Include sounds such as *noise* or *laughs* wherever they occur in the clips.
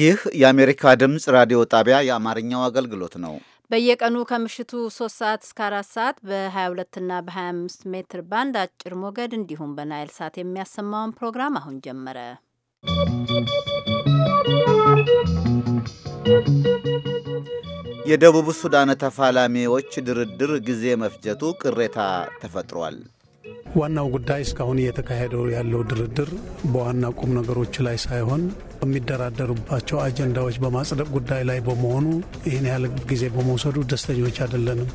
ይህ የአሜሪካ ድምፅ ራዲዮ ጣቢያ የአማርኛው አገልግሎት ነው። በየቀኑ ከምሽቱ 3 ሰዓት እስከ 4 ሰዓት በ22 እና በ25 ሜትር ባንድ አጭር ሞገድ እንዲሁም በናይል ሳት የሚያሰማውን ፕሮግራም አሁን ጀመረ። የደቡብ ሱዳን ተፋላሚዎች ድርድር ጊዜ መፍጀቱ ቅሬታ ተፈጥሯል። ዋናው ጉዳይ እስካሁን እየተካሄደው ያለው ድርድር በዋና ቁም ነገሮች ላይ ሳይሆን የሚደራደሩባቸው አጀንዳዎች በማጽደቅ ጉዳይ ላይ በመሆኑ ይህን ያህል ጊዜ በመውሰዱ ደስተኞች አይደለንም።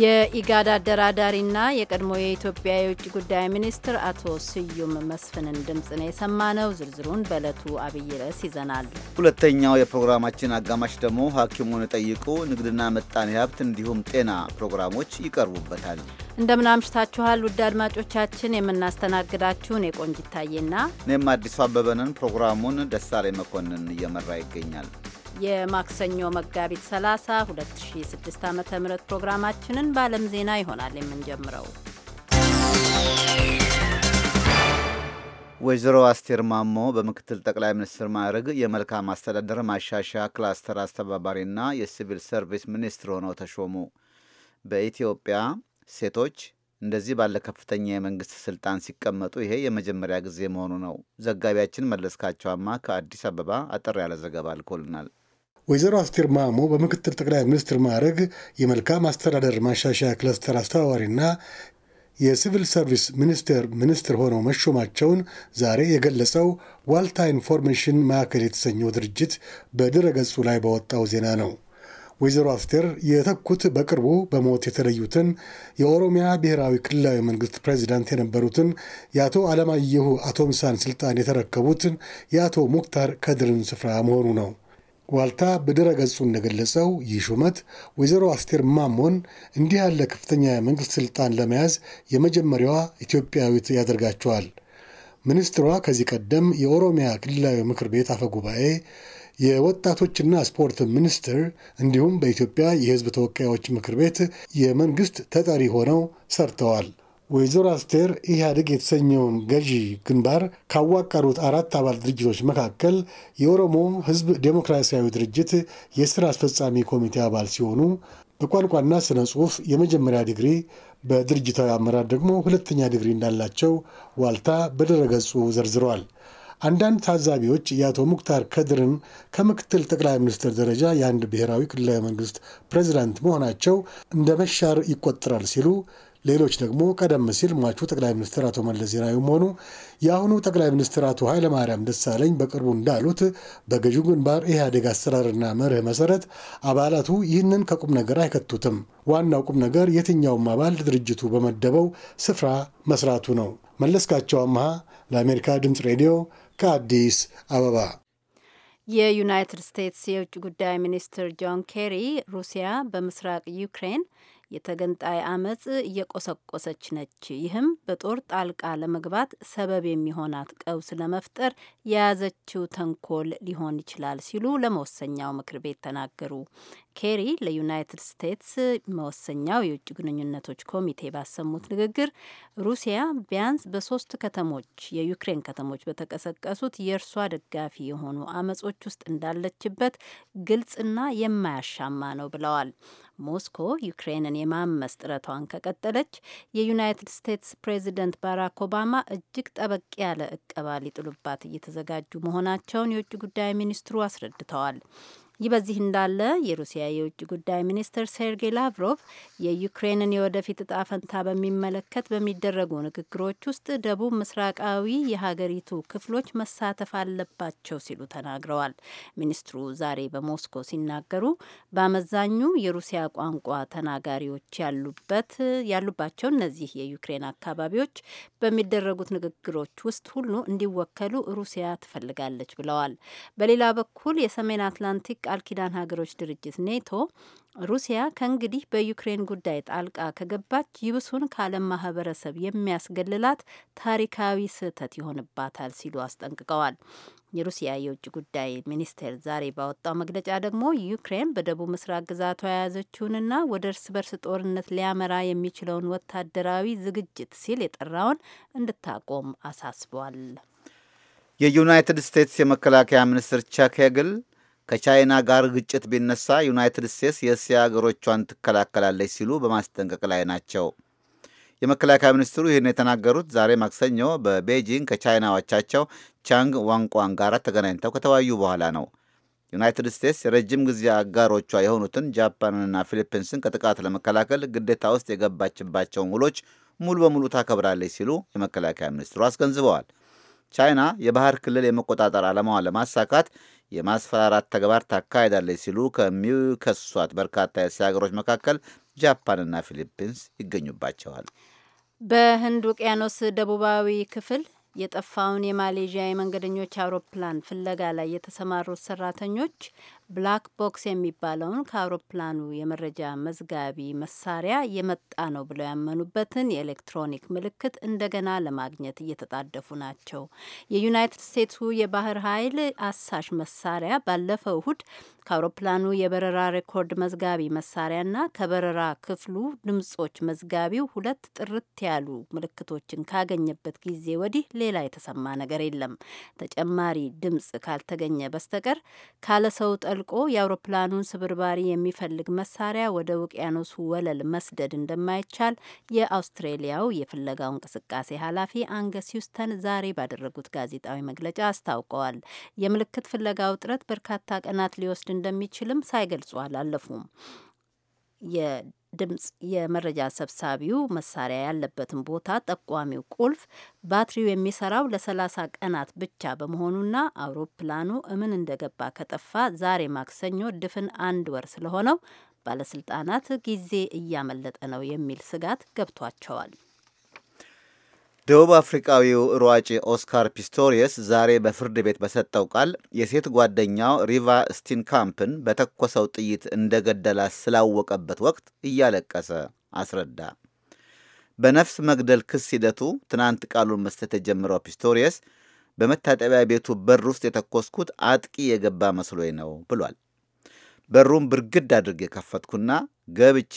የኢጋድ አደራዳሪና የቀድሞ የኢትዮጵያ የውጭ ጉዳይ ሚኒስትር አቶ ስዩም መስፍንን ድምፅ ነው የሰማነው። ዝርዝሩን በዕለቱ አብይ ርዕስ ይዘናል። ሁለተኛው የፕሮግራማችን አጋማሽ ደግሞ ሐኪሙን ጠይቁ ንግድና ምጣኔ ሀብት እንዲሁም ጤና ፕሮግራሞች ይቀርቡበታል። እንደምናምሽታችኋል ውድ አድማጮቻችን፣ የምናስተናግዳችሁን የቆንጅታዬና እኔም አዲሱ አበበንን ፕሮግራሙን ደሳሌ መኮንን እየመራ ይገኛል። የማክሰኞ መጋቢት 30 2006 ዓ ም ፕሮግራማችንን በዓለም ዜና ይሆናል የምንጀምረው። ወይዘሮ አስቴር ማሞ በምክትል ጠቅላይ ሚኒስትር ማዕረግ የመልካም አስተዳደር ማሻሻያ ክላስተር አስተባባሪና የሲቪል ሰርቪስ ሚኒስትር ሆነው ተሾሙ። በኢትዮጵያ ሴቶች እንደዚህ ባለ ከፍተኛ የመንግስት ስልጣን ሲቀመጡ ይሄ የመጀመሪያ ጊዜ መሆኑ ነው። ዘጋቢያችን መለስካቸዋማ ከአዲስ አበባ አጠር ያለ ዘገባ አልኮልናል። ወይዘሮ አስቴር ማሞ በምክትል ጠቅላይ ሚኒስትር ማዕረግ የመልካም አስተዳደር ማሻሻያ ክለስተር አስተባባሪና የሲቪል ሰርቪስ ሚኒስቴር ሚኒስትር ሆነው መሾማቸውን ዛሬ የገለጸው ዋልታ ኢንፎርሜሽን ማዕከል የተሰኘው ድርጅት በድረገጹ ላይ በወጣው ዜና ነው። ወይዘሮ አስቴር የተኩት በቅርቡ በሞት የተለዩትን የኦሮሚያ ብሔራዊ ክልላዊ መንግስት ፕሬዚዳንት የነበሩትን የአቶ አለማየሁ አቶምሳን ስልጣን የተረከቡትን የአቶ ሙክታር ከድርን ስፍራ መሆኑ ነው። ዋልታ በድረ ገጹ እንደገለጸው ይህ ሹመት ወይዘሮ አስቴር ማሞን እንዲህ ያለ ከፍተኛ የመንግሥት ሥልጣን ለመያዝ የመጀመሪያዋ ኢትዮጵያዊት ያደርጋቸዋል። ሚኒስትሯ ከዚህ ቀደም የኦሮሚያ ክልላዊ ምክር ቤት አፈ ጉባኤ፣ የወጣቶችና ስፖርት ሚኒስትር እንዲሁም በኢትዮጵያ የሕዝብ ተወካዮች ምክር ቤት የመንግሥት ተጠሪ ሆነው ሰርተዋል። ወይዘሮ አስቴር ኢህአዴግ የተሰኘውን ገዢ ግንባር ካዋቀሩት አራት አባል ድርጅቶች መካከል የኦሮሞ ህዝብ ዴሞክራሲያዊ ድርጅት የሥራ አስፈጻሚ ኮሚቴ አባል ሲሆኑ በቋንቋና ስነ ጽሑፍ የመጀመሪያ ዲግሪ በድርጅታዊ አመራር ደግሞ ሁለተኛ ዲግሪ እንዳላቸው ዋልታ በድረገጹ ዘርዝረዋል። አንዳንድ ታዛቢዎች የአቶ ሙክታር ከድርን ከምክትል ጠቅላይ ሚኒስትር ደረጃ የአንድ ብሔራዊ ክልላዊ መንግስት ፕሬዚዳንት መሆናቸው እንደ መሻር ይቆጠራል ሲሉ ሌሎች ደግሞ ቀደም ሲል ሟቹ ጠቅላይ ሚኒስትር አቶ መለስ ዜናዊም ሆኑ የአሁኑ ጠቅላይ ሚኒስትር አቶ ኃይለማርያም ደሳለኝ በቅርቡ እንዳሉት በገዢው ግንባር ኢህአዴግ አሰራርና መርህ መሰረት አባላቱ ይህንን ከቁም ነገር አይከቱትም። ዋናው ቁም ነገር የትኛውም አባል ድርጅቱ በመደበው ስፍራ መስራቱ ነው። መለስካቸው አምሃ ለአሜሪካ ድምፅ ሬዲዮ ከአዲስ አበባ። የዩናይትድ ስቴትስ የውጭ ጉዳይ ሚኒስትር ጆን ኬሪ ሩሲያ በምስራቅ ዩክሬን የተገንጣይ አመፅ እየቆሰቆሰች ነች። ይህም በጦር ጣልቃ ለመግባት ሰበብ የሚሆናት ቀውስ ለመፍጠር የያዘችው ተንኮል ሊሆን ይችላል ሲሉ ለመወሰኛው ምክር ቤት ተናገሩ። ኬሪ ለዩናይትድ ስቴትስ መወሰኛው የውጭ ግንኙነቶች ኮሚቴ ባሰሙት ንግግር ሩሲያ ቢያንስ በሶስት ከተሞች የዩክሬን ከተሞች በተቀሰቀሱት የእርሷ ደጋፊ የሆኑ አመጾች ውስጥ እንዳለችበት ግልጽና የማያሻማ ነው ብለዋል። ሞስኮ ዩክሬንን የማመስ ጥረቷን ከቀጠለች የዩናይትድ ስቴትስ ፕሬዚደንት ባራክ ኦባማ እጅግ ጠበቅ ያለ እቀባ ሊጥሉባት እየተዘጋጁ መሆናቸውን የውጭ ጉዳይ ሚኒስትሩ አስረድተዋል። ይህ በዚህ እንዳለ የሩሲያ የውጭ ጉዳይ ሚኒስትር ሴርጌይ ላቭሮቭ የዩክሬንን የወደፊት እጣ ፈንታ በሚመለከት በሚደረጉ ንግግሮች ውስጥ ደቡብ ምስራቃዊ የሀገሪቱ ክፍሎች መሳተፍ አለባቸው ሲሉ ተናግረዋል። ሚኒስትሩ ዛሬ በሞስኮ ሲናገሩ በአመዛኙ የሩሲያ ቋንቋ ተናጋሪዎች ያሉበት ያሉባቸው እነዚህ የዩክሬን አካባቢዎች በሚደረጉት ንግግሮች ውስጥ ሁሉ እንዲወከሉ ሩሲያ ትፈልጋለች ብለዋል። በሌላ በኩል የሰሜን አትላንቲክ የቃል ኪዳን ሀገሮች ድርጅት ኔቶ ሩሲያ ከእንግዲህ በዩክሬን ጉዳይ ጣልቃ ከገባች ይብሱን ከዓለም ማህበረሰብ የሚያስገልላት ታሪካዊ ስህተት ይሆንባታል ሲሉ አስጠንቅቀዋል። የሩሲያ የውጭ ጉዳይ ሚኒስቴር ዛሬ ባወጣው መግለጫ ደግሞ ዩክሬን በደቡብ ምስራቅ ግዛቷ የያዘችውንና ወደ እርስ በርስ ጦርነት ሊያመራ የሚችለውን ወታደራዊ ዝግጅት ሲል የጠራውን እንድታቆም አሳስቧል። የዩናይትድ ስቴትስ የመከላከያ ሚኒስትር ቸክ ሄግል ከቻይና ጋር ግጭት ቢነሳ ዩናይትድ ስቴትስ የእስያ ሀገሮቿን ትከላከላለች ሲሉ በማስጠንቀቅ ላይ ናቸው። የመከላከያ ሚኒስትሩ ይህን የተናገሩት ዛሬ ማክሰኞ በቤጂንግ ከቻይናዎቻቸው ቻንግ ዋንቋን ጋር ተገናኝተው ከተወያዩ በኋላ ነው። ዩናይትድ ስቴትስ የረጅም ጊዜ አጋሮቿ የሆኑትን ጃፓንንና ፊሊፒንስን ከጥቃት ለመከላከል ግዴታ ውስጥ የገባችባቸውን ውሎች ሙሉ በሙሉ ታከብራለች ሲሉ የመከላከያ ሚኒስትሩ አስገንዝበዋል። ቻይና የባህር ክልል የመቆጣጠር ዓላማዋን ለማሳካት የማስፈራራት ተግባር ታካሄዳለች ሲሉ ከሚከሷት በርካታ የእስያ ሀገሮች መካከል ጃፓንና ፊሊፒንስ ይገኙባቸዋል። በህንድ ውቅያኖስ ደቡባዊ ክፍል የጠፋውን የማሌዥያ የመንገደኞች አውሮፕላን ፍለጋ ላይ የተሰማሩት ሰራተኞች ብላክ ቦክስ የሚባለውን ከአውሮፕላኑ የመረጃ መዝጋቢ መሳሪያ የመጣ ነው ብለው ያመኑበትን የኤሌክትሮኒክ ምልክት እንደገና ለማግኘት እየተጣደፉ ናቸው። የዩናይትድ ስቴትሱ የባህር ኃይል አሳሽ መሳሪያ ባለፈው እሁድ ከአውሮፕላኑ የበረራ ሬኮርድ መዝጋቢ መሳሪያና ከበረራ ክፍሉ ድምጾች መዝጋቢው ሁለት ጥርት ያሉ ምልክቶችን ካገኘበት ጊዜ ወዲህ ሌላ የተሰማ ነገር የለም። ተጨማሪ ድምጽ ካልተገኘ በስተቀር ካለ ሰው ጠል ዘልቆ የአውሮፕላኑን ስብርባሪ የሚፈልግ መሳሪያ ወደ ውቅያኖሱ ወለል መስደድ እንደማይቻል የአውስትሬሊያው የፍለጋው እንቅስቃሴ ኃላፊ አንገስ ሂውስተን ዛሬ ባደረጉት ጋዜጣዊ መግለጫ አስታውቀዋል። የምልክት ፍለጋው ጥረት በርካታ ቀናት ሊወስድ እንደሚችልም ሳይገልጹ አላለፉም። ድምፅ የመረጃ ሰብሳቢው መሳሪያ ያለበትን ቦታ ጠቋሚው ቁልፍ ባትሪው የሚሰራው ለ30 ቀናት ብቻ በመሆኑና አውሮፕላኑ እምን እንደገባ ከጠፋ ዛሬ ማክሰኞ ድፍን አንድ ወር ስለሆነው ባለስልጣናት ጊዜ እያመለጠ ነው የሚል ስጋት ገብቷቸዋል። ደቡብ አፍሪካዊው ሯጭ ኦስካር ፒስቶሪየስ ዛሬ በፍርድ ቤት በሰጠው ቃል የሴት ጓደኛው ሪቫ ስቲንካምፕን በተኮሰው ጥይት እንደገደላ ስላወቀበት ወቅት እያለቀሰ አስረዳ። በነፍስ መግደል ክስ ሂደቱ ትናንት ቃሉን መስጠት የጀመረው ፒስቶሪየስ በመታጠቢያ ቤቱ በር ውስጥ የተኮስኩት አጥቂ የገባ መስሎኝ ነው ብሏል። በሩን ብርግድ አድርጌ ከፈትኩና ገብቼ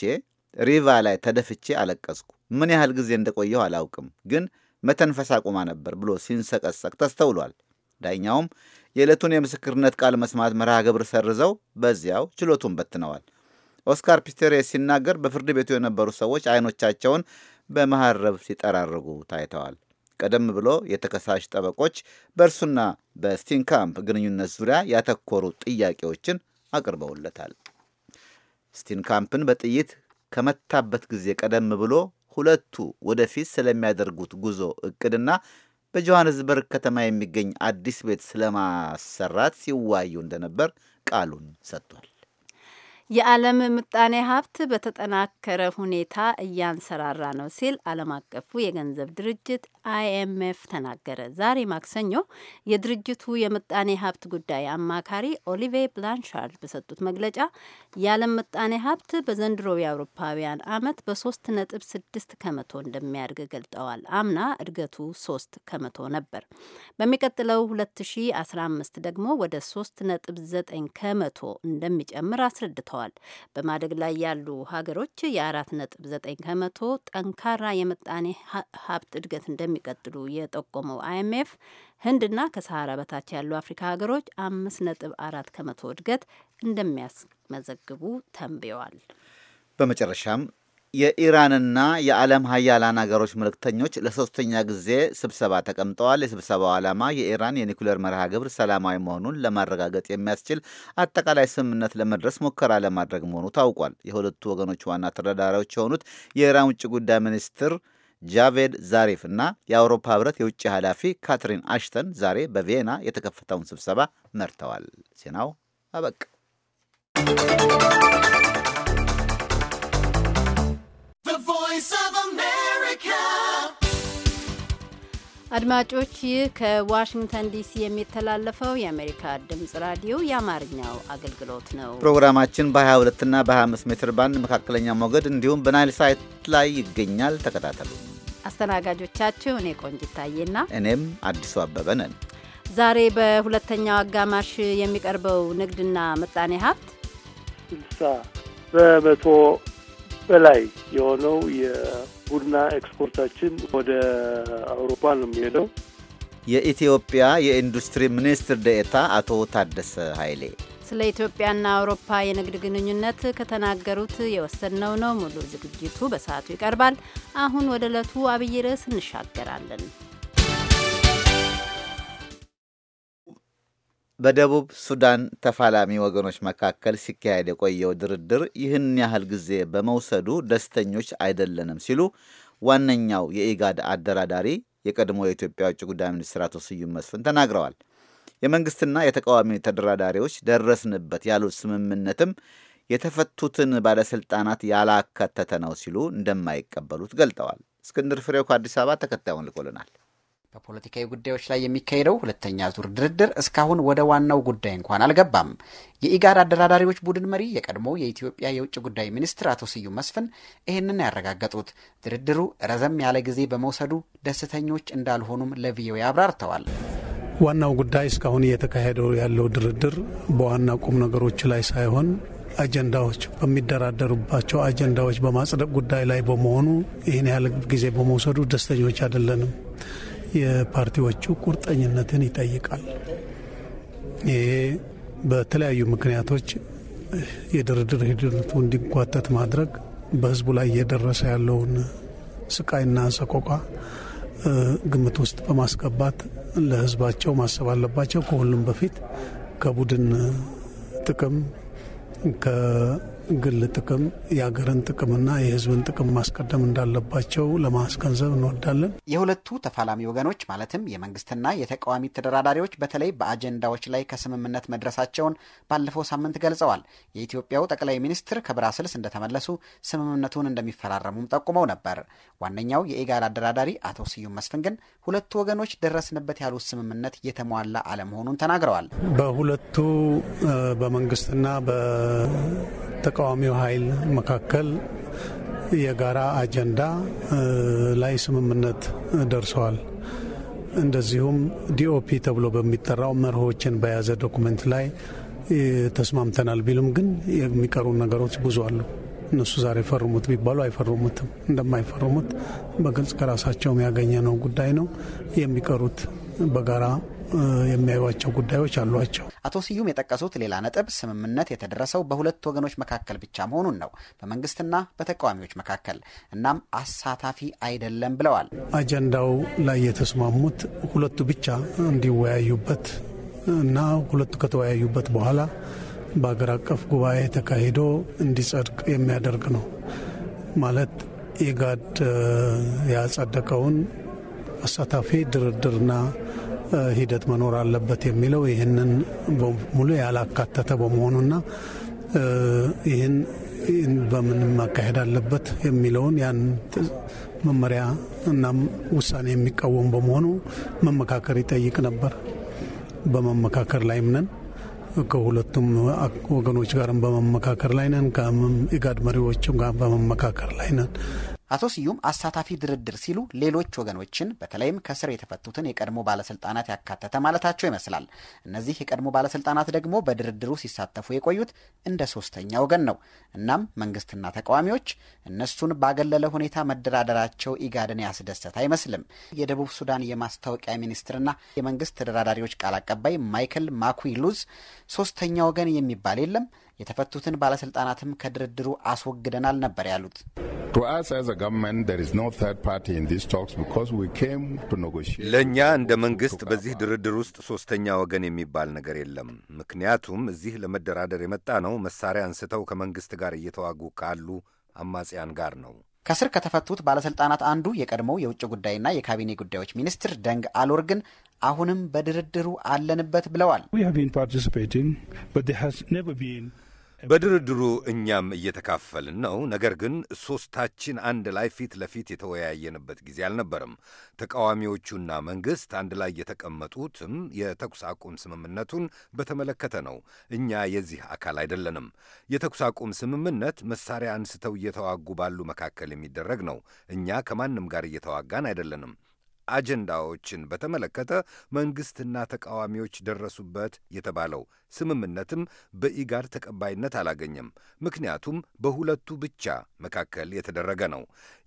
ሪቫ ላይ ተደፍቼ አለቀስኩ። ምን ያህል ጊዜ እንደቆየሁ አላውቅም፣ ግን መተንፈስ አቁማ ነበር ብሎ ሲንሰቀሰቅ ተስተውሏል። ዳኛውም የዕለቱን የምስክርነት ቃል መስማት መርሃ ግብር ሰርዘው በዚያው ችሎቱን በትነዋል። ኦስካር ፒስቴሬ ሲናገር በፍርድ ቤቱ የነበሩ ሰዎች አይኖቻቸውን በመሐረብ ሲጠራርጉ ታይተዋል። ቀደም ብሎ የተከሳሽ ጠበቆች በእርሱና በስቲንካምፕ ግንኙነት ዙሪያ ያተኮሩ ጥያቄዎችን አቅርበውለታል። ስቲንካምፕን በጥይት ከመታበት ጊዜ ቀደም ብሎ ሁለቱ ወደፊት ስለሚያደርጉት ጉዞ እቅድና በጆሐንስበርግ ከተማ የሚገኝ አዲስ ቤት ስለማሰራት ሲዋዩ እንደነበር ቃሉን ሰጥቷል። የዓለም ምጣኔ ሀብት በተጠናከረ ሁኔታ እያንሰራራ ነው ሲል ዓለም አቀፉ የገንዘብ ድርጅት አይኤምኤፍ ተናገረ። ዛሬ ማክሰኞ የድርጅቱ የምጣኔ ሀብት ጉዳይ አማካሪ ኦሊቬ ብላንሻርድ በሰጡት መግለጫ የዓለም ምጣኔ ሀብት በዘንድሮ የአውሮፓውያን ዓመት በሶስት ነጥብ ስድስት ከመቶ እንደሚያድግ ገልጠዋል። አምና እድገቱ ሶስት ከመቶ ነበር። በሚቀጥለው 2015 ደግሞ ወደ ሶስት ነጥብ ዘጠኝ ከመቶ እንደሚጨምር አስረድተዋል። አመልክተዋል። በማደግ ላይ ያሉ ሀገሮች የአራት ነጥብ ዘጠኝ ከመቶ ጠንካራ የምጣኔ ሀብት እድገት እንደሚቀጥሉ የጠቆመው አይኤምኤፍ ህንድና ከሰሃራ በታች ያሉ አፍሪካ ሀገሮች አምስት ነጥብ አራት ከመቶ እድገት እንደሚያስመዘግቡ ተንብየዋል። በመጨረሻም የኢራንና የዓለም ሀያላን አገሮች መልእክተኞች ለሶስተኛ ጊዜ ስብሰባ ተቀምጠዋል። የስብሰባው ዓላማ የኢራን የኒኩሌር መርሃ ግብር ሰላማዊ መሆኑን ለማረጋገጥ የሚያስችል አጠቃላይ ስምምነት ለመድረስ ሙከራ ለማድረግ መሆኑ ታውቋል። የሁለቱ ወገኖች ዋና ተደራዳሪዎች የሆኑት የኢራን ውጭ ጉዳይ ሚኒስትር ጃቬድ ዛሪፍ እና የአውሮፓ ህብረት የውጭ ኃላፊ ካትሪን አሽተን ዛሬ በቪየና የተከፈተውን ስብሰባ መርተዋል። ዜናው አበቃ። አድማጮች ይህ ከዋሽንግተን ዲሲ የሚተላለፈው የአሜሪካ ድምጽ ራዲዮ የአማርኛው አገልግሎት ነው። ፕሮግራማችን በ22ና በ25 ሜትር ባንድ መካከለኛ ሞገድ እንዲሁም በናይል ሳይት ላይ ይገኛል። ተከታተሉ። አስተናጋጆቻችሁ እኔ ቆንጅታዬና እኔም አዲሱ አበበ ነን። ዛሬ በሁለተኛው አጋማሽ የሚቀርበው ንግድና ምጣኔ ሀብት በመቶ በላይ የሆነው የቡና ኤክስፖርታችን ወደ አውሮፓ ነው የሚሄደው። የኢትዮጵያ የኢንዱስትሪ ሚኒስትር ደኤታ አቶ ታደሰ ኃይሌ ስለ ኢትዮጵያና አውሮፓ የንግድ ግንኙነት ከተናገሩት የወሰድነው ነው። ሙሉ ዝግጅቱ በሰዓቱ ይቀርባል። አሁን ወደ ዕለቱ አብይ ርዕስ እንሻገራለን። በደቡብ ሱዳን ተፋላሚ ወገኖች መካከል ሲካሄድ የቆየው ድርድር ይህን ያህል ጊዜ በመውሰዱ ደስተኞች አይደለንም ሲሉ ዋነኛው የኢጋድ አደራዳሪ የቀድሞ የኢትዮጵያ ውጭ ጉዳይ ሚኒስትር አቶ ስዩም መስፍን ተናግረዋል። የመንግስትና የተቃዋሚ ተደራዳሪዎች ደረስንበት ያሉት ስምምነትም የተፈቱትን ባለስልጣናት ያላካተተ ነው ሲሉ እንደማይቀበሉት ገልጠዋል። እስክንድር ፍሬው ከአዲስ አበባ ተከታዩን ልኮልናል። በፖለቲካዊ ጉዳዮች ላይ የሚካሄደው ሁለተኛ ዙር ድርድር እስካሁን ወደ ዋናው ጉዳይ እንኳን አልገባም። የኢጋድ አደራዳሪዎች ቡድን መሪ የቀድሞ የኢትዮጵያ የውጭ ጉዳይ ሚኒስትር አቶ ስዩም መስፍን ይህንን ያረጋገጡት ድርድሩ ረዘም ያለ ጊዜ በመውሰዱ ደስተኞች እንዳልሆኑም ለቪኦኤ አብራርተዋል። ዋናው ጉዳይ እስካሁን እየተካሄደው ያለው ድርድር በዋና ቁም ነገሮች ላይ ሳይሆን አጀንዳዎች በሚደራደሩባቸው አጀንዳዎች በማጽደቅ ጉዳይ ላይ በመሆኑ ይህን ያህል ጊዜ በመውሰዱ ደስተኞች አይደለንም። የፓርቲዎቹ ቁርጠኝነትን ይጠይቃል። ይሄ በተለያዩ ምክንያቶች የድርድር ሂደቱ እንዲጓተት ማድረግ በህዝቡ ላይ እየደረሰ ያለውን ስቃይና ሰቆቃ ግምት ውስጥ በማስገባት ለህዝባቸው ማሰብ አለባቸው። ከሁሉም በፊት ከቡድን ጥቅም ግል ጥቅም የሀገርን ጥቅምና የህዝብን ጥቅም ማስቀደም እንዳለባቸው ለማስገንዘብ እንወዳለን። የሁለቱ ተፋላሚ ወገኖች ማለትም የመንግስትና የተቃዋሚ ተደራዳሪዎች በተለይ በአጀንዳዎች ላይ ከስምምነት መድረሳቸውን ባለፈው ሳምንት ገልጸዋል። የኢትዮጵያው ጠቅላይ ሚኒስትር ከብራስልስ እንደተመለሱ ስምምነቱን እንደሚፈራረሙም ጠቁመው ነበር። ዋነኛው የኢጋድ አደራዳሪ አቶ ስዩም መስፍን ግን ሁለቱ ወገኖች ደረስንበት ያሉት ስምምነት የተሟላ አለመሆኑን ተናግረዋል። በሁለቱ በመንግስትና ተቃዋሚው ኃይል መካከል የጋራ አጀንዳ ላይ ስምምነት ደርሰዋል። እንደዚሁም ዲኦፒ ተብሎ በሚጠራው መርሆችን በያዘ ዶኩመንት ላይ ተስማምተናል ቢሉም ግን የሚቀሩ ነገሮች ብዙ አሉ። እነሱ ዛሬ ፈርሙት ቢባሉ አይፈርሙትም። እንደማይፈርሙት በግልጽ ከራሳቸውም ያገኘ ነው ጉዳይ ነው። የሚቀሩት በጋራ የሚያዩቸው ጉዳዮች አሏቸው። አቶ ስዩም የጠቀሱት ሌላ ነጥብ ስምምነት የተደረሰው በሁለት ወገኖች መካከል ብቻ መሆኑን ነው፣ በመንግስትና በተቃዋሚዎች መካከል እናም አሳታፊ አይደለም ብለዋል። አጀንዳው ላይ የተስማሙት ሁለቱ ብቻ እንዲወያዩበት እና ሁለቱ ከተወያዩበት በኋላ በሀገር አቀፍ ጉባኤ ተካሂዶ እንዲጸድቅ የሚያደርግ ነው ማለት ኢጋድ ያጸደቀውን አሳታፊ ድርድርና ሂደት መኖር አለበት የሚለው ይህንን ሙሉ ያላካተተ በመሆኑና ይህን በምን ማካሄድ አለበት የሚለውን ያን መመሪያ እና ውሳኔ የሚቃወም በመሆኑ መመካከር ይጠይቅ ነበር። በመመካከር ላይም ነን። ከሁለቱም ወገኖች ጋርም በመመካከር ላይ ነን። ከኢጋድ መሪዎችም ጋር በመመካከር ላይ ነን። አቶ ስዩም አሳታፊ ድርድር ሲሉ ሌሎች ወገኖችን በተለይም ከስር የተፈቱትን የቀድሞ ባለስልጣናት ያካተተ ማለታቸው ይመስላል። እነዚህ የቀድሞ ባለስልጣናት ደግሞ በድርድሩ ሲሳተፉ የቆዩት እንደ ሶስተኛ ወገን ነው። እናም መንግስትና ተቃዋሚዎች እነሱን ባገለለ ሁኔታ መደራደራቸው ኢጋድን ያስደሰት አይመስልም። የደቡብ ሱዳን የማስታወቂያ ሚኒስትርና የመንግስት ተደራዳሪዎች ቃል አቀባይ ማይክል ማኩ ሉዝ ሶስተኛ ወገን የሚባል የለም የተፈቱትን ባለስልጣናትም ከድርድሩ አስወግደናል ነበር ያሉት። ለእኛ እንደ መንግስት በዚህ ድርድር ውስጥ ሶስተኛ ወገን የሚባል ነገር የለም። ምክንያቱም እዚህ ለመደራደር የመጣ ነው መሳሪያ አንስተው ከመንግስት ጋር እየተዋጉ ካሉ አማጽያን ጋር ነው። ከስር ከተፈቱት ባለስልጣናት አንዱ የቀድሞው የውጭ ጉዳይና የካቢኔ ጉዳዮች ሚኒስትር ደንግ አሎር ግን አሁንም በድርድሩ አለንበት ብለዋል። በድርድሩ እኛም እየተካፈልን ነው። ነገር ግን ሦስታችን አንድ ላይ ፊት ለፊት የተወያየንበት ጊዜ አልነበርም። ተቃዋሚዎቹና መንግሥት አንድ ላይ የተቀመጡትም የተኩስ አቁም ስምምነቱን በተመለከተ ነው። እኛ የዚህ አካል አይደለንም። የተኩስ አቁም ስምምነት መሳሪያ አንስተው እየተዋጉ ባሉ መካከል የሚደረግ ነው። እኛ ከማንም ጋር እየተዋጋን አይደለንም። አጀንዳዎችን በተመለከተ መንግስትና ተቃዋሚዎች ደረሱበት የተባለው ስምምነትም በኢጋድ ተቀባይነት አላገኘም። ምክንያቱም በሁለቱ ብቻ መካከል የተደረገ ነው።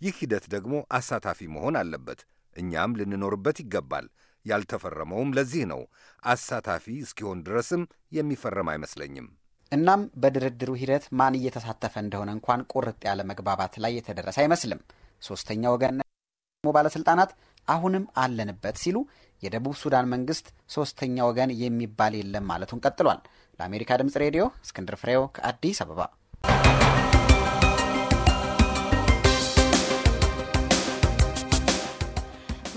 ይህ ሂደት ደግሞ አሳታፊ መሆን አለበት። እኛም ልንኖርበት ይገባል። ያልተፈረመውም ለዚህ ነው። አሳታፊ እስኪሆን ድረስም የሚፈረም አይመስለኝም። እናም በድርድሩ ሂደት ማን እየተሳተፈ እንደሆነ እንኳን ቁርጥ ያለ መግባባት ላይ የተደረሰ አይመስልም። ሶስተኛ ወገን ባለስልጣናት አሁንም አለንበት ሲሉ የደቡብ ሱዳን መንግስት ሶስተኛ ወገን የሚባል የለም ማለቱን ቀጥሏል። ለአሜሪካ ድምጽ ሬዲዮ እስክንድር ፍሬው ከአዲስ አበባ።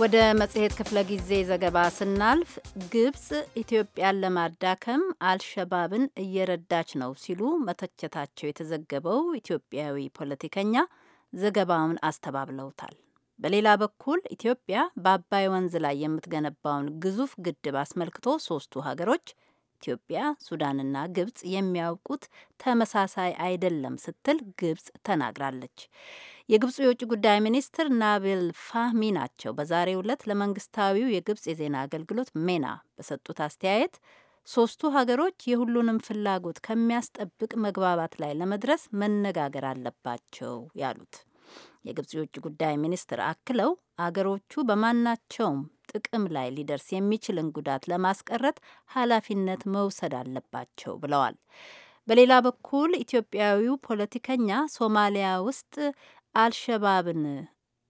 ወደ መጽሔት ክፍለ ጊዜ ዘገባ ስናልፍ ግብጽ ኢትዮጵያን ለማዳከም አልሸባብን እየረዳች ነው ሲሉ መተቸታቸው የተዘገበው ኢትዮጵያዊ ፖለቲከኛ ዘገባውን አስተባብለውታል። በሌላ በኩል ኢትዮጵያ በአባይ ወንዝ ላይ የምትገነባውን ግዙፍ ግድብ አስመልክቶ ሶስቱ ሀገሮች ኢትዮጵያ፣ ሱዳንና ግብጽ የሚያውቁት ተመሳሳይ አይደለም ስትል ግብጽ ተናግራለች። የግብፁ የውጭ ጉዳይ ሚኒስትር ናቢል ፋህሚ ናቸው። በዛሬው ዕለት ለመንግስታዊው የግብጽ የዜና አገልግሎት ሜና በሰጡት አስተያየት ሶስቱ ሀገሮች የሁሉንም ፍላጎት ከሚያስጠብቅ መግባባት ላይ ለመድረስ መነጋገር አለባቸው ያሉት የግብጽ የውጭ ጉዳይ ሚኒስትር አክለው አገሮቹ በማናቸውም ጥቅም ላይ ሊደርስ የሚችልን ጉዳት ለማስቀረት ኃላፊነት መውሰድ አለባቸው ብለዋል። በሌላ በኩል ኢትዮጵያዊው ፖለቲከኛ ሶማሊያ ውስጥ አልሸባብን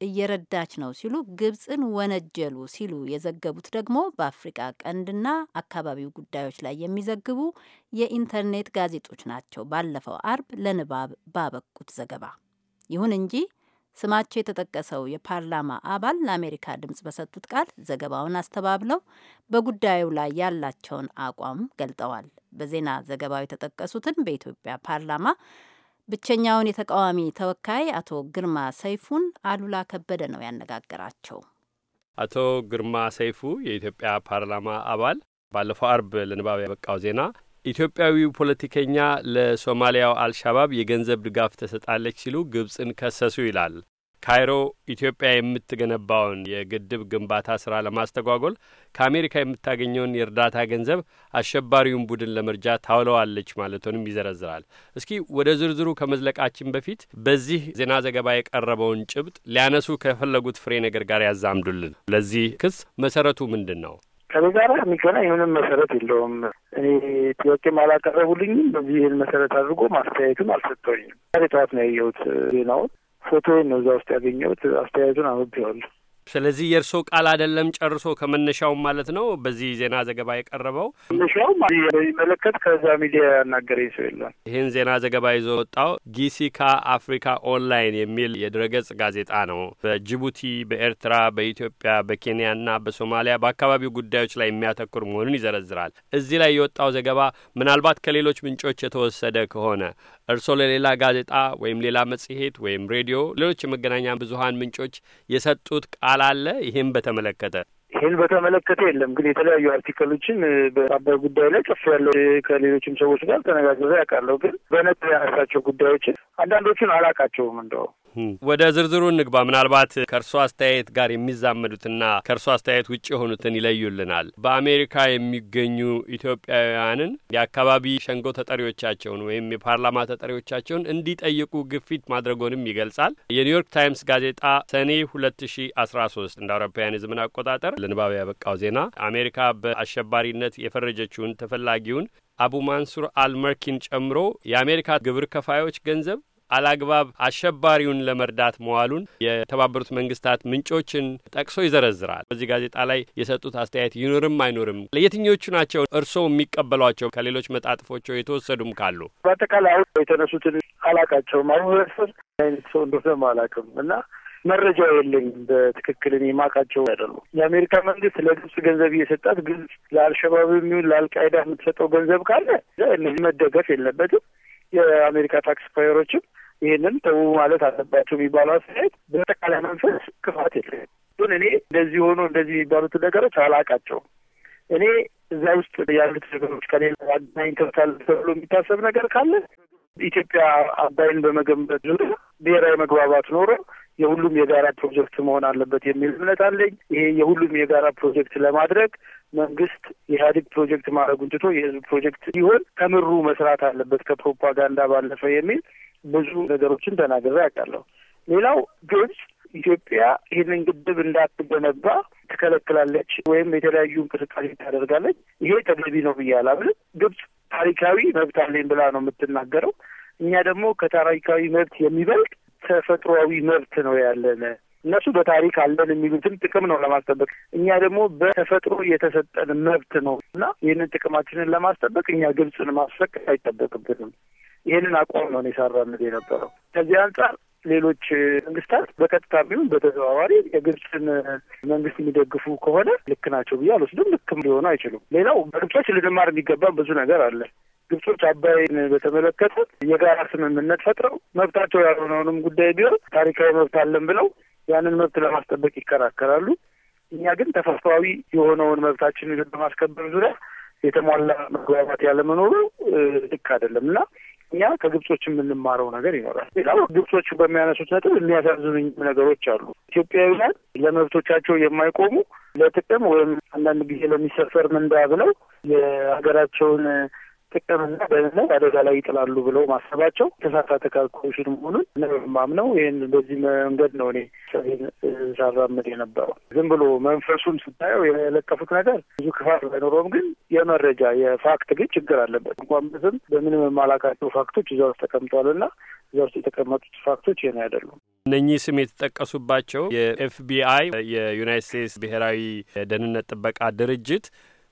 እየረዳች ነው ሲሉ ግብፅን ወነጀሉ ሲሉ የዘገቡት ደግሞ በአፍሪቃ ቀንድና አካባቢው ጉዳዮች ላይ የሚዘግቡ የኢንተርኔት ጋዜጦች ናቸው። ባለፈው አርብ ለንባብ ባበቁት ዘገባ ይሁን እንጂ ስማቸው የተጠቀሰው የፓርላማ አባል ለአሜሪካ ድምፅ በሰጡት ቃል ዘገባውን አስተባብለው በጉዳዩ ላይ ያላቸውን አቋም ገልጠዋል። በዜና ዘገባው የተጠቀሱትን በኢትዮጵያ ፓርላማ ብቸኛውን የተቃዋሚ ተወካይ አቶ ግርማ ሰይፉን አሉላ ከበደ ነው ያነጋገራቸው። አቶ ግርማ ሰይፉ የኢትዮጵያ ፓርላማ አባል ባለፈው አርብ ለንባብ ያበቃው ዜና ኢትዮጵያዊው ፖለቲከኛ ለሶማሊያው አልሻባብ የገንዘብ ድጋፍ ተሰጣለች ሲሉ ግብጽን ከሰሱ ይላል። ካይሮ ኢትዮጵያ የምትገነባውን የግድብ ግንባታ ስራ ለማስተጓጎል ከአሜሪካ የምታገኘውን የእርዳታ ገንዘብ አሸባሪውን ቡድን ለመርጃ ታውለዋለች ማለቱንም ይዘረዝራል። እስኪ ወደ ዝርዝሩ ከመዝለቃችን በፊት በዚህ ዜና ዘገባ የቀረበውን ጭብጥ ሊያነሱ ከፈለጉት ፍሬ ነገር ጋር ያዛምዱልን። ለዚህ ክስ መሰረቱ ምንድን ነው? ከኔ ጋር የሚገና ይሁንም መሰረት የለውም። እኔ ጥያቄም አላቀረቡልኝም። በዚህ ይህን መሰረት አድርጎ ማስተያየቱን አልሰጠውኝም። ዛሬ ጠዋት ነው ያየሁት ዜናውን፣ ፎቶ ነው እዛ ውስጥ ያገኘሁት። አስተያየቱን አንብቤዋለሁ። ስለዚህ የእርስዎ ቃል አይደለም ጨርሶ ከመነሻውም ማለት ነው። በዚህ ዜና ዘገባ የቀረበው መነሻውም በሚመለከት ከዛ ሚዲያ ያናገረኝ ሰው የለም። ይህን ዜና ዘገባ ይዞ ወጣው ጊሲካ አፍሪካ ኦንላይን የሚል የድረገጽ ጋዜጣ ነው። በጅቡቲ፣ በኤርትራ፣ በኢትዮጵያ፣ በኬንያና በሶማሊያ በአካባቢው ጉዳዮች ላይ የሚያተኩር መሆኑን ይዘረዝራል። እዚህ ላይ የወጣው ዘገባ ምናልባት ከሌሎች ምንጮች የተወሰደ ከሆነ እርስዎ ለሌላ ጋዜጣ ወይም ሌላ መጽሔት ወይም ሬዲዮ፣ ሌሎች የመገናኛ ብዙሀን ምንጮች የሰጡት ቃል ቃል አለ ይህም በተመለከተ ይህን በተመለከተ የለም ግን የተለያዩ አርቲክሎችን በአባይ ጉዳይ ላይ ጽፍ ያለው ከሌሎችም ሰዎች ጋር ተነጋግሬ ያውቃለሁ። ግን በነት ያነሳቸው ጉዳዮችን አንዳንዶቹን አላውቃቸውም እንደው ወደ ዝርዝሩ እንግባ። ምናልባት ከእርሶ አስተያየት ጋር የሚዛመዱትና ከእርሶ አስተያየት ውጭ የሆኑትን ይለዩልናል። በአሜሪካ የሚገኙ ኢትዮጵያውያንን የአካባቢ ሸንጎ ተጠሪዎቻቸውን ወይም የፓርላማ ተጠሪዎቻቸውን እንዲጠይቁ ግፊት ማድረጎንም ይገልጻል። የኒውዮርክ ታይምስ ጋዜጣ ሰኔ 2013 እንደ አውሮፓውያን የዘመን አቆጣጠር ለንባብ ያበቃው ዜና አሜሪካ በአሸባሪነት የፈረጀችውን ተፈላጊውን አቡ ማንሱር አልመርኪን ጨምሮ የአሜሪካ ግብር ከፋዮች ገንዘብ አላግባብ አሸባሪውን ለመርዳት መዋሉን የተባበሩት መንግስታት ምንጮችን ጠቅሶ ይዘረዝራል። በዚህ ጋዜጣ ላይ የሰጡት አስተያየት ይኑርም አይኑርም ለየትኞቹ ናቸው እርስዎ የሚቀበሏቸው? ከሌሎች መጣጥፎቸው የተወሰዱም ካሉ በአጠቃላይ አሁን የተነሱትን አላቃቸው ማህበረሰብ አይነት ሰው እንደሆነም አላቅም እና መረጃ የለኝም በትክክል እኔ የማውቃቸው አይደሉም። የአሜሪካ መንግስት ለግብጽ ገንዘብ እየሰጣት ግብጽ ለአልሸባብ የሚሆን ለአልቃይዳ የምትሰጠው ገንዘብ ካለ እነዚህ መደገፍ የለበትም። የአሜሪካ ታክስ ፓየሮችም ይህንን ተው ማለት አለባቸው የሚባለው አስተያየት በጠቃላይ መንፈስ ክፋት የለም። ግን እኔ እንደዚህ ሆኖ እንደዚህ የሚባሉትን ነገሮች አላቃቸውም። እኔ እዛ ውስጥ ያሉት ነገሮች ከሌላ አገናኝ ከብታል ተብሎ የሚታሰብ ነገር ካለ ኢትዮጵያ አባይን በመገንባት ዙሪያ ብሔራዊ መግባባት ኖሮ የሁሉም የጋራ ፕሮጀክት መሆን አለበት የሚል እምነት አለኝ። ይሄ የሁሉም የጋራ ፕሮጀክት ለማድረግ መንግስት የኢህአዴግ ፕሮጀክት ማድረጉን ትቶ የህዝብ ፕሮጀክት ሲሆን ከምሩ መስራት አለበት ከፕሮፓጋንዳ ባለፈ የሚል ብዙ ነገሮችን ተናግሬ አውቃለሁ። ሌላው ግብጽ ኢትዮጵያ ይህንን ግድብ እንዳትገነባ ትከለክላለች ወይም የተለያዩ እንቅስቃሴ ታደርጋለች። ይሄ ተገቢ ነው ብዬ አላምንም። ግብጽ ታሪካዊ መብት አለኝ ብላ ነው የምትናገረው። እኛ ደግሞ ከታሪካዊ መብት የሚበልጥ ተፈጥሯዊ መብት ነው ያለን። እነሱ በታሪክ አለን የሚሉትን ጥቅም ነው ለማስጠበቅ፣ እኛ ደግሞ በተፈጥሮ የተሰጠን መብት ነው እና ይህንን ጥቅማችንን ለማስጠበቅ እኛ ግብጽን ማስፈቀድ አይጠበቅብንም። ይህንን አቋም ነው የሰራንት የነበረው። ከዚህ አንጻር ሌሎች መንግስታት በቀጥታ ቢሆን በተዘዋዋሪ የግብፅን መንግስት የሚደግፉ ከሆነ ልክ ናቸው ብዬ አልወስድም። ልክም ሊሆኑ አይችሉም። ሌላው በግብጾች ልንማር የሚገባም ብዙ ነገር አለ። ግብጾች አባይን በተመለከተ የጋራ ስምምነት ፈጥረው መብታቸው ያልሆነውንም ጉዳይ ቢሆን ታሪካዊ መብት አለን ብለው ያንን መብት ለማስጠበቅ ይከራከራሉ። እኛ ግን ተፈጥሯዊ የሆነውን መብታችንን በማስከበር ዙሪያ የተሟላ መግባባት ያለመኖሩ ልክ አይደለም እና እኛ ከግብጾች የምንማረው ነገር ይኖራል። ሌላው ግብጾቹ በሚያነሱት ነጥብ የሚያሳዝኑኝ ነገሮች አሉ። ኢትዮጵያውያን ለመብቶቻቸው የማይቆሙ ለጥቅም ወይም አንዳንድ ጊዜ ለሚሰፈር ምንዳ ብለው የሀገራቸውን ጥቅምና ገንዘብ አደጋ ላይ ይጥላሉ ብለው ማሰባቸው የተሳሳተ ካልኩሌሽን መሆኑን ማምነው ይህን በዚህ መንገድ ነው እኔ ሰሜን ሳራምድ የነበረው። ዝም ብሎ መንፈሱን ስታየው የለቀፉት ነገር ብዙ ክፋት ባይኖረውም ግን የመረጃ የፋክት ግን ችግር አለበት። እንኳን ብዝም በምንም የማላቃቸው ፋክቶች እዛ ውስጥ ተቀምጧል እዛ ውስጥ የተቀመጡት ፋክቶች ይህን አይደሉም። እነኚህ ስም የተጠቀሱባቸው የኤፍቢአይ የዩናይት ስቴትስ ብሔራዊ ደህንነት ጥበቃ ድርጅት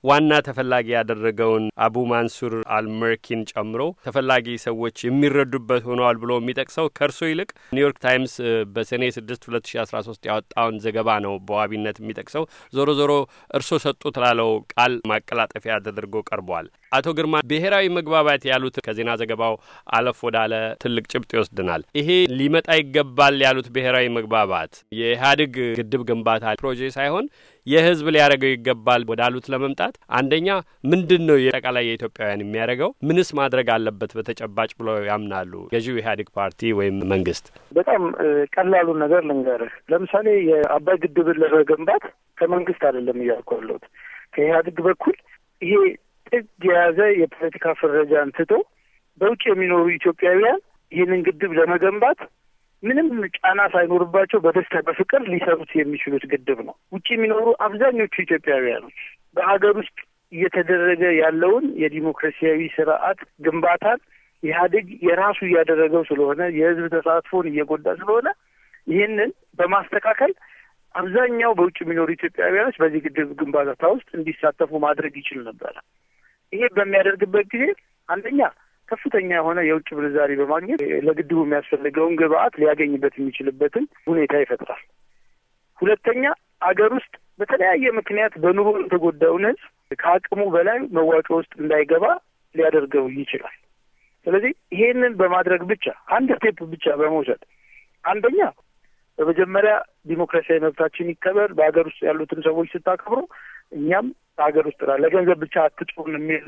ዋና ተፈላጊ ያደረገውን አቡ ማንሱር አልመርኪን ጨምሮ ተፈላጊ ሰዎች የሚረዱበት ሆነዋል ብሎ የሚጠቅሰው ከእርሶ ይልቅ ኒውዮርክ ታይምስ በሰኔ 6 2013 ያወጣውን ዘገባ ነው በዋቢነት የሚጠቅሰው። ዞሮ ዞሮ እርሶ ሰጡ ትላለው ቃል ማቀላጠፊያ ተደርጎ ቀርቧል። አቶ ግርማ ብሔራዊ መግባባት ያሉት ከዜና ዘገባው አለፍ ወዳለ ትልቅ ጭብጥ ይወስድናል። ይሄ ሊመጣ ይገባል ያሉት ብሔራዊ መግባባት የኢህአዴግ ግድብ ግንባታ ፕሮጀክት ሳይሆን የህዝብ ሊያደርገው ይገባል ወዳሉት ለመምጣት አንደኛ ምንድን ነው የጠቃላይ የኢትዮጵያውያን የሚያደርገው ምንስ ማድረግ አለበት በተጨባጭ ብለው ያምናሉ? ገዢው ኢህአዴግ ፓርቲ ወይም መንግስት። በጣም ቀላሉን ነገር ልንገርህ። ለምሳሌ የአባይ ግድብን ለመገንባት ከመንግስት አይደለም እያልኩ ያለሁት ከኢህአዴግ በኩል ይሄ ጥግ የያዘ የፖለቲካ ፍረጃን ትቶ በውጭ የሚኖሩ ኢትዮጵያውያን ይህንን ግድብ ለመገንባት ምንም ጫና ሳይኖርባቸው በደስታ በፍቅር ሊሰሩት የሚችሉት ግድብ ነው። ውጭ የሚኖሩ አብዛኞቹ ኢትዮጵያውያኖች በሀገር ውስጥ እየተደረገ ያለውን የዲሞክራሲያዊ ስርዓት ግንባታን ኢህአዴግ የራሱ እያደረገው ስለሆነ የህዝብ ተሳትፎን እየጎዳ ስለሆነ ይህንን በማስተካከል አብዛኛው በውጭ የሚኖሩ ኢትዮጵያውያኖች በዚህ ግድብ ግንባታ ውስጥ እንዲሳተፉ ማድረግ ይችል ነበረ። ይሄ በሚያደርግበት ጊዜ አንደኛ ከፍተኛ የሆነ የውጭ ምንዛሪ በማግኘት ለግድቡ የሚያስፈልገውን ግብአት ሊያገኝበት የሚችልበትን ሁኔታ ይፈጥራል። ሁለተኛ አገር ውስጥ በተለያየ ምክንያት በኑሮ የተጎዳውን ሕዝብ ከአቅሙ በላይ መዋጮ ውስጥ እንዳይገባ ሊያደርገው ይችላል። ስለዚህ ይሄንን በማድረግ ብቻ አንድ ስቴፕ ብቻ በመውሰድ አንደኛ በመጀመሪያ ዲሞክራሲያዊ መብታችን ይከበር፣ በሀገር ውስጥ ያሉትን ሰዎች ስታከብሩ እኛም በሀገር ውስጥ ለገንዘብ ብቻ አትጩን የሚል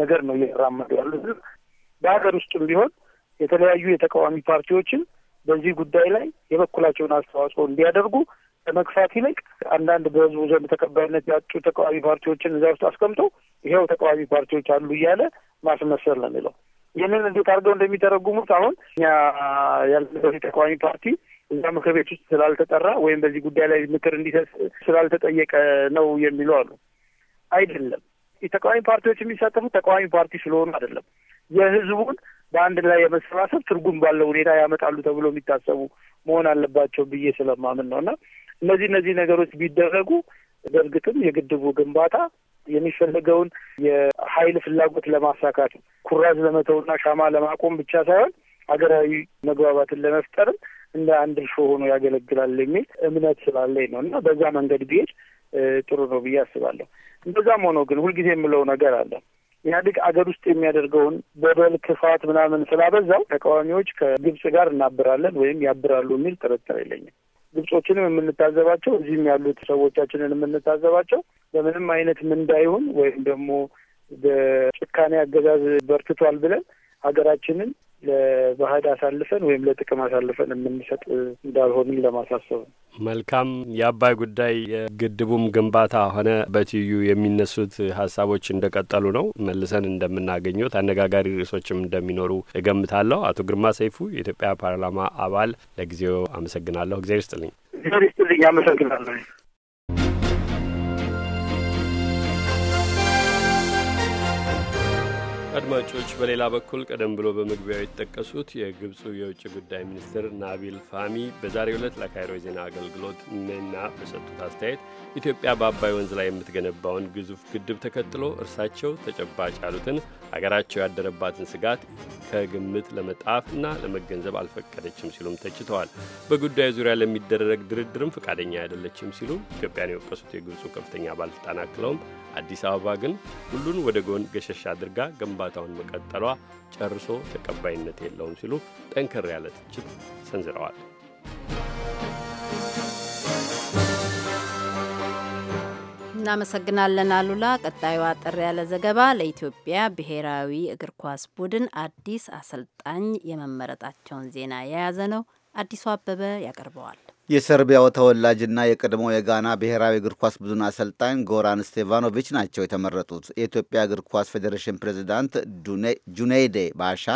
ነገር ነው እየተራመዱ ያሉት። በሀገር ውስጥም ቢሆን የተለያዩ የተቃዋሚ ፓርቲዎችን በዚህ ጉዳይ ላይ የበኩላቸውን አስተዋጽኦ እንዲያደርጉ ከመግፋት ይልቅ አንዳንድ በህዝቡ ዘንድ ተቀባይነት ያጡ ተቃዋሚ ፓርቲዎችን እዛ ውስጥ አስቀምጦ ይኸው ተቃዋሚ ፓርቲዎች አሉ እያለ ማስመሰል ነው የሚለው። ይህንን እንዴት አድርገው እንደሚተረጉሙት አሁን እኛ ያለበት የተቃዋሚ ፓርቲ እዛ ምክር ቤት ውስጥ ስላልተጠራ ወይም በዚህ ጉዳይ ላይ ምክር እንዲሰጥ ስላልተጠየቀ ነው የሚለው አሉ። አይደለም የተቃዋሚ ፓርቲዎች የሚሳተፉት ተቃዋሚ ፓርቲ ስለሆኑ አይደለም። የህዝቡን በአንድ ላይ የመሰባሰብ ትርጉም ባለው ሁኔታ ያመጣሉ ተብሎ የሚታሰቡ መሆን አለባቸው ብዬ ስለማምን ነው እና እነዚህ እነዚህ ነገሮች ቢደረጉ በእርግጥም የግድቡ ግንባታ የሚፈለገውን የኃይል ፍላጎት ለማሳካት ኩራዝ ለመተውና ሻማ ለማቆም ብቻ ሳይሆን ሀገራዊ መግባባትን ለመፍጠርም እንደ አንድ እርሾ ሆኖ ያገለግላል የሚል እምነት ስላለኝ ነው እና በዛ መንገድ ቢሄድ ጥሩ ነው ብዬ አስባለሁ። እንደዛም ሆኖ ግን ሁልጊዜ የምለው ነገር አለ። ኢህአዴግ አገር ውስጥ የሚያደርገውን በደል፣ ክፋት ምናምን ስላበዛው ተቃዋሚዎች ከግብጽ ጋር እናብራለን ወይም ያብራሉ የሚል ጥርጥር የለኝም። ግብጾችንም የምንታዘባቸው እዚህም ያሉት ሰዎቻችንን የምንታዘባቸው በምንም አይነት ምንዳ ይሁን ወይም ደግሞ በጭካኔ አገዛዝ በርትቷል ብለን ሀገራችንን ለባህድ አሳልፈን ወይም ለጥቅም አሳልፈን የምንሰጥ እንዳልሆንን ለማሳሰብ ነው። መልካም። የአባይ ጉዳይ የግድቡም ግንባታ ሆነ በትይዩ የሚነሱት ሀሳቦች እንደቀጠሉ ነው። መልሰን እንደምናገኘት አነጋጋሪ ርዕሶችም እንደሚኖሩ እገምታለሁ። አቶ ግርማ ሰይፉ የኢትዮጵያ ፓርላማ አባል፣ ለጊዜው አመሰግናለሁ። እግዚአብሔር ይስጥልኝ። እግዚአብሔር ይስጥልኝ። አመሰግናለሁ። አድማጮች በሌላ በኩል ቀደም ብሎ በመግቢያው የተጠቀሱት የግብፁ የውጭ ጉዳይ ሚኒስትር ናቢል ፋሚ በዛሬው ዕለት ለካይሮ የዜና አገልግሎት ሜና በሰጡት አስተያየት ኢትዮጵያ በአባይ ወንዝ ላይ የምትገነባውን ግዙፍ ግድብ ተከትሎ እርሳቸው ተጨባጭ ያሉትን ሀገራቸው ያደረባትን ስጋት ከግምት ለመጣፍና ለመገንዘብ አልፈቀደችም ሲሉም ተችተዋል። በጉዳዩ ዙሪያ ለሚደረግ ድርድርም ፈቃደኛ አይደለችም ሲሉ ኢትዮጵያን የወቀሱት የግብፁ ከፍተኛ ባለስልጣን አክለውም አዲስ አበባ ግን ሁሉን ወደ ጎን ገሸሽ አድርጋ ግንባታውን መቀጠሏ ጨርሶ ተቀባይነት የለውም ሲሉ ጠንከር ያለ ትችት ሰንዝረዋል። እናመሰግናለን አሉላ። ቀጣዩ አጠር ያለ ዘገባ ለኢትዮጵያ ብሔራዊ እግር ኳስ ቡድን አዲስ አሰልጣኝ የመመረጣቸውን ዜና የያዘ ነው። አዲሱ አበበ ያቀርበዋል። የሰርቢያው ተወላጅና የቀድሞ የጋና ብሔራዊ እግር ኳስ ቡድን አሰልጣኝ ጎራን ስቴቫኖቪች ናቸው የተመረጡት። የኢትዮጵያ እግር ኳስ ፌዴሬሽን ፕሬዚዳንት ጁኔይዴ ባሻ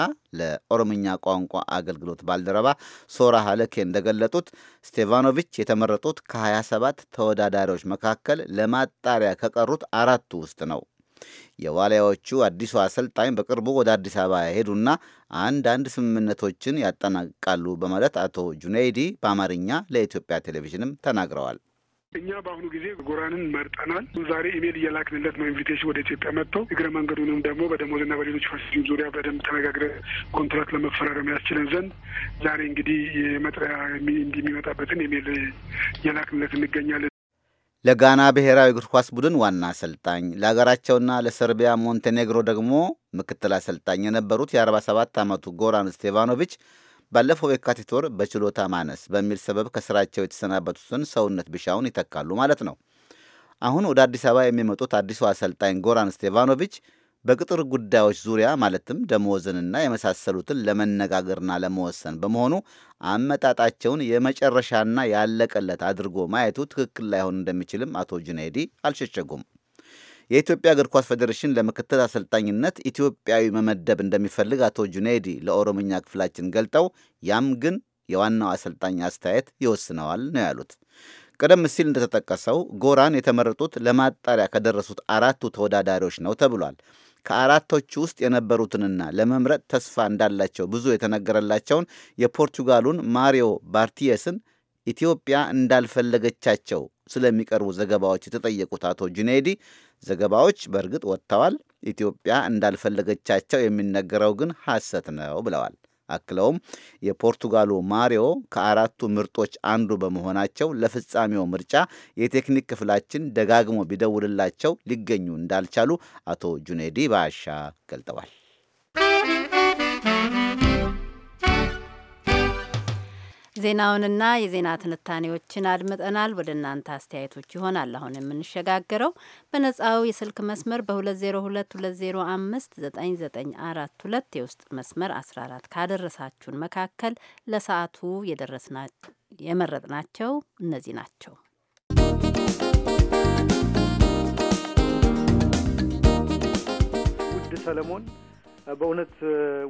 ለኦሮምኛ ቋንቋ አገልግሎት ባልደረባ ሶራ ሀለኬ እንደገለጡት ስቴቫኖቪች የተመረጡት ከ27 ተወዳዳሪዎች መካከል ለማጣሪያ ከቀሩት አራቱ ውስጥ ነው። የዋልያዎቹ አዲሱ አሰልጣኝ በቅርቡ ወደ አዲስ አበባ ያሄዱና አንዳንድ ስምምነቶችን ያጠናቅቃሉ በማለት አቶ ጁኔይዲ በአማርኛ ለኢትዮጵያ ቴሌቪዥንም ተናግረዋል። እኛ በአሁኑ ጊዜ ጎራንን መርጠናል። ዛሬ ኢሜል እየላክንለት ነው ኢንቪቴሽን ወደ ኢትዮጵያ መጥተው እግረ መንገዱንም ደግሞ በደሞዝና በሌሎች ፋሲሊቲም ዙሪያ በደንብ ተነጋግረ ኮንትራክት ለመፈራረም ያስችለን ዘንድ ዛሬ እንግዲህ የመጥሪያ እንዲህ የሚመጣበትን ኢሜል እየላክንለት እንገኛለን። ለጋና ብሔራዊ እግር ኳስ ቡድን ዋና አሰልጣኝ ለሀገራቸውና ለሰርቢያ ሞንቴኔግሮ ደግሞ ምክትል አሰልጣኝ የነበሩት የ47 ዓመቱ ጎራን ስቴቫኖቪች ባለፈው የካቲት ወር በችሎታ ማነስ በሚል ሰበብ ከስራቸው የተሰናበቱትን ሰውነት ቢሻውን ይተካሉ ማለት ነው። አሁን ወደ አዲስ አበባ የሚመጡት አዲሱ አሰልጣኝ ጎራን ስቴቫኖቪች በቅጥር ጉዳዮች ዙሪያ ማለትም ደመወዝንና የመሳሰሉትን ለመነጋገርና ለመወሰን በመሆኑ አመጣጣቸውን የመጨረሻና ያለቀለት አድርጎ ማየቱ ትክክል ላይሆን እንደሚችልም አቶ ጁኔዲ አልሸሸጉም። የኢትዮጵያ እግር ኳስ ፌዴሬሽን ለምክትል አሰልጣኝነት ኢትዮጵያዊ መመደብ እንደሚፈልግ አቶ ጁኔዲ ለኦሮምኛ ክፍላችን ገልጠው ያም ግን የዋናው አሰልጣኝ አስተያየት ይወስነዋል ነው ያሉት። ቀደም ሲል እንደተጠቀሰው ጎራን የተመረጡት ለማጣሪያ ከደረሱት አራቱ ተወዳዳሪዎች ነው ተብሏል። ከአራቶች ውስጥ የነበሩትንና ለመምረጥ ተስፋ እንዳላቸው ብዙ የተነገረላቸውን የፖርቱጋሉን ማሪዮ ባርቲየስን ኢትዮጵያ እንዳልፈለገቻቸው ስለሚቀርቡ ዘገባዎች የተጠየቁት አቶ ጁኔዲ ዘገባዎች በእርግጥ ወጥተዋል፣ ኢትዮጵያ እንዳልፈለገቻቸው የሚነገረው ግን ሐሰት ነው ብለዋል። አክለውም የፖርቱጋሉ ማሪዮ ከአራቱ ምርጦች አንዱ በመሆናቸው ለፍጻሜው ምርጫ የቴክኒክ ክፍላችን ደጋግሞ ቢደውልላቸው ሊገኙ እንዳልቻሉ አቶ ጁኔዲ ባሻ ገልጠዋል። ዜናውንና የዜና ትንታኔዎችን አድምጠናል። ወደ እናንተ አስተያየቶች ይሆናል አሁን የምንሸጋገረው። በነጻው የስልክ መስመር በ2022059942 የውስጥ መስመር 14 ካደረሳችሁን መካከል ለሰዓቱ የመረጥናቸው እነዚህ ናቸው። ውድ ሰለሞን፣ በእውነት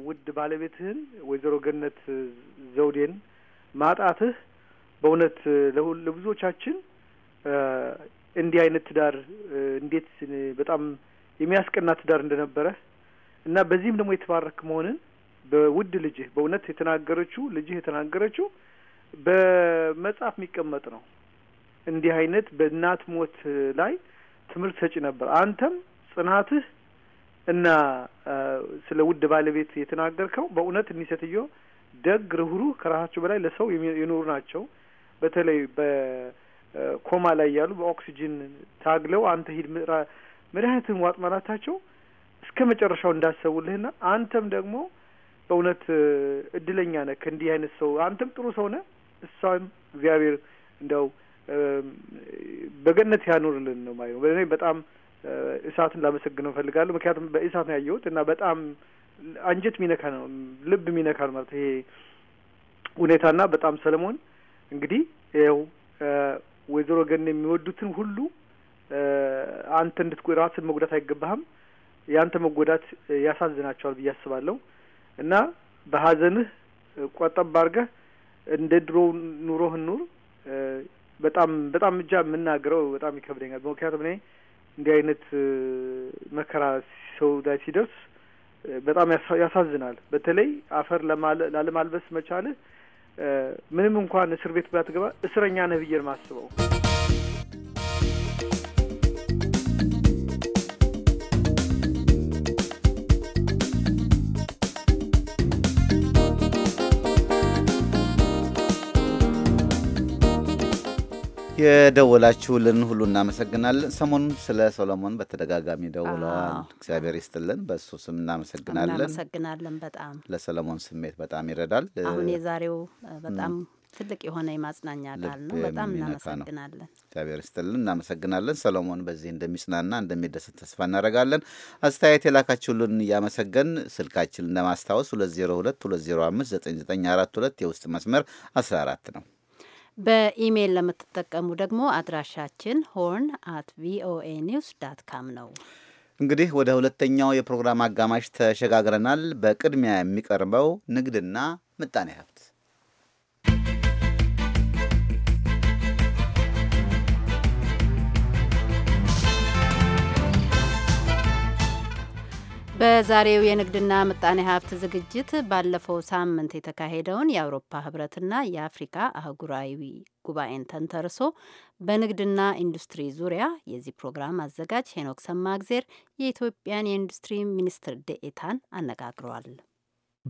ውድ ባለቤትህን ወይዘሮ ገነት ዘውዴን ማጣትህ በእውነት ለብዙዎቻችን እንዲህ አይነት ትዳር እንዴት በጣም የሚያስቀና ትዳር እንደነበረ እና በዚህም ደግሞ የተባረክ መሆንን በውድ ልጅህ በእውነት የተናገረችው ልጅህ የተናገረችው በመጽሐፍ የሚቀመጥ ነው። እንዲህ አይነት በእናት ሞት ላይ ትምህርት ሰጪ ነበር። አንተም ጽናትህ እና ስለ ውድ ባለቤት የተናገርከው በእውነት እኒህ ደግ፣ ርህሩህ ከራሳቸው በላይ ለሰው የኖሩ ናቸው። በተለይ በኮማ ላይ ያሉ በኦክሲጂን ታግለው አንተ ሂድ መድኃኒትን ዋጥ ማላታቸው እስከ መጨረሻው እንዳሰቡልህና አንተም ደግሞ በእውነት እድለኛ ነህ ከእንዲህ አይነት ሰው አንተም ጥሩ ሰው ነህ፣ እሷም እግዚአብሔር እንደው በገነት ያኖርልን ነው ማለት ነው። በጣም እሳትን ላመሰግነው እፈልጋለሁ። ምክንያቱም በእሳት ነው ያየሁት እና በጣም አንጀት ሚነካ ነው፣ ልብ ሚነካ ነው ማለት ይሄ ሁኔታና በጣም ሰለሞን እንግዲህ ይኸው ወይዘሮ ገን የሚወዱትን ሁሉ አንተ እንድትጎ ራስን መጉዳት አይገባህም፣ ያንተ መጎዳት ያሳዝናቸዋል ብዬ አስባለሁ እና በሀዘንህ ቆጠብ አድርገህ እንደ ድሮው ኑሮህን ኑር። በጣም በጣም እጃ የምናገረው በጣም ይከብደኛል። ምክንያቱም እኔ እንዲህ አይነት መከራ ሰው ላይ ሲደርስ በጣም ያሳዝናል። በተለይ አፈር ላለማልበስ መቻልህ ምንም እንኳን እስር ቤት ባትገባ እስረኛ ነህ ብዬ ነው የማስበው። የደወላችሁልን ሁሉ እናመሰግናለን። ሰሞኑን ስለ ሶሎሞን በተደጋጋሚ ደውለዋል። እግዚአብሔር ይስጥልን፣ በእሱ ስም እናመሰግናለን። እናመሰግናለን በጣም ለሰለሞን ስሜት በጣም ይረዳል። አሁን የዛሬው በጣም ትልቅ የሆነ የማጽናኛ ቃል ነው። በጣም እናመሰግናለን። እግዚአብሔር ይስጥልን፣ እናመሰግናለን። ሰሎሞን በዚህ እንደሚጽናና እንደሚደሰት ተስፋ እናደርጋለን። አስተያየት የላካችሁልን እያመሰገን ስልካችን ለማስታወስ 202 205 9942 የውስጥ መስመር 14 ነው። በኢሜይል ለምትጠቀሙ ደግሞ አድራሻችን ሆርን አት ቪኦኤ ኒውስ ዳት ካም ነው። እንግዲህ ወደ ሁለተኛው የፕሮግራም አጋማሽ ተሸጋግረናል። በቅድሚያ የሚቀርበው ንግድና ምጣኔ ሀብት በዛሬው የንግድና ምጣኔ ሀብት ዝግጅት ባለፈው ሳምንት የተካሄደውን የአውሮፓ ህብረትና የአፍሪካ አህጉራዊ ጉባኤን ተንተርሶ በንግድና ኢንዱስትሪ ዙሪያ የዚህ ፕሮግራም አዘጋጅ ሄኖክ ሰማእግዜር የኢትዮጵያን የኢንዱስትሪ ሚኒስትር ደኤታን አነጋግሯል።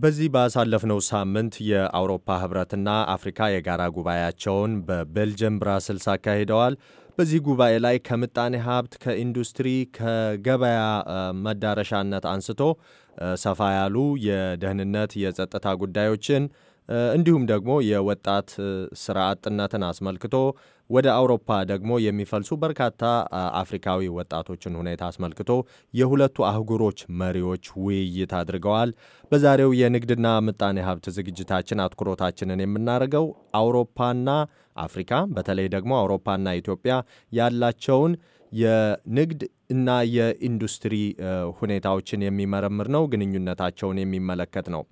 በዚህ ባሳለፍነው ሳምንት የአውሮፓ ህብረትና አፍሪካ የጋራ ጉባኤያቸውን በቤልጅየም ብራስልስ አካሂደዋል። በዚህ ጉባኤ ላይ ከምጣኔ ሀብት፣ ከኢንዱስትሪ፣ ከገበያ መዳረሻነት አንስቶ ሰፋ ያሉ የደህንነት የጸጥታ ጉዳዮችን እንዲሁም ደግሞ የወጣት ስራ አጥነትን አስመልክቶ ወደ አውሮፓ ደግሞ የሚፈልሱ በርካታ አፍሪካዊ ወጣቶችን ሁኔታ አስመልክቶ የሁለቱ አህጉሮች መሪዎች ውይይት አድርገዋል። በዛሬው የንግድና ምጣኔ ሀብት ዝግጅታችን አትኩሮታችንን የምናደርገው አውሮፓና አፍሪካ በተለይ ደግሞ አውሮፓና ኢትዮጵያ ያላቸውን የንግድ እና የኢንዱስትሪ ሁኔታዎችን የሚመረምር ነው። ግንኙነታቸውን የሚመለከት ነው።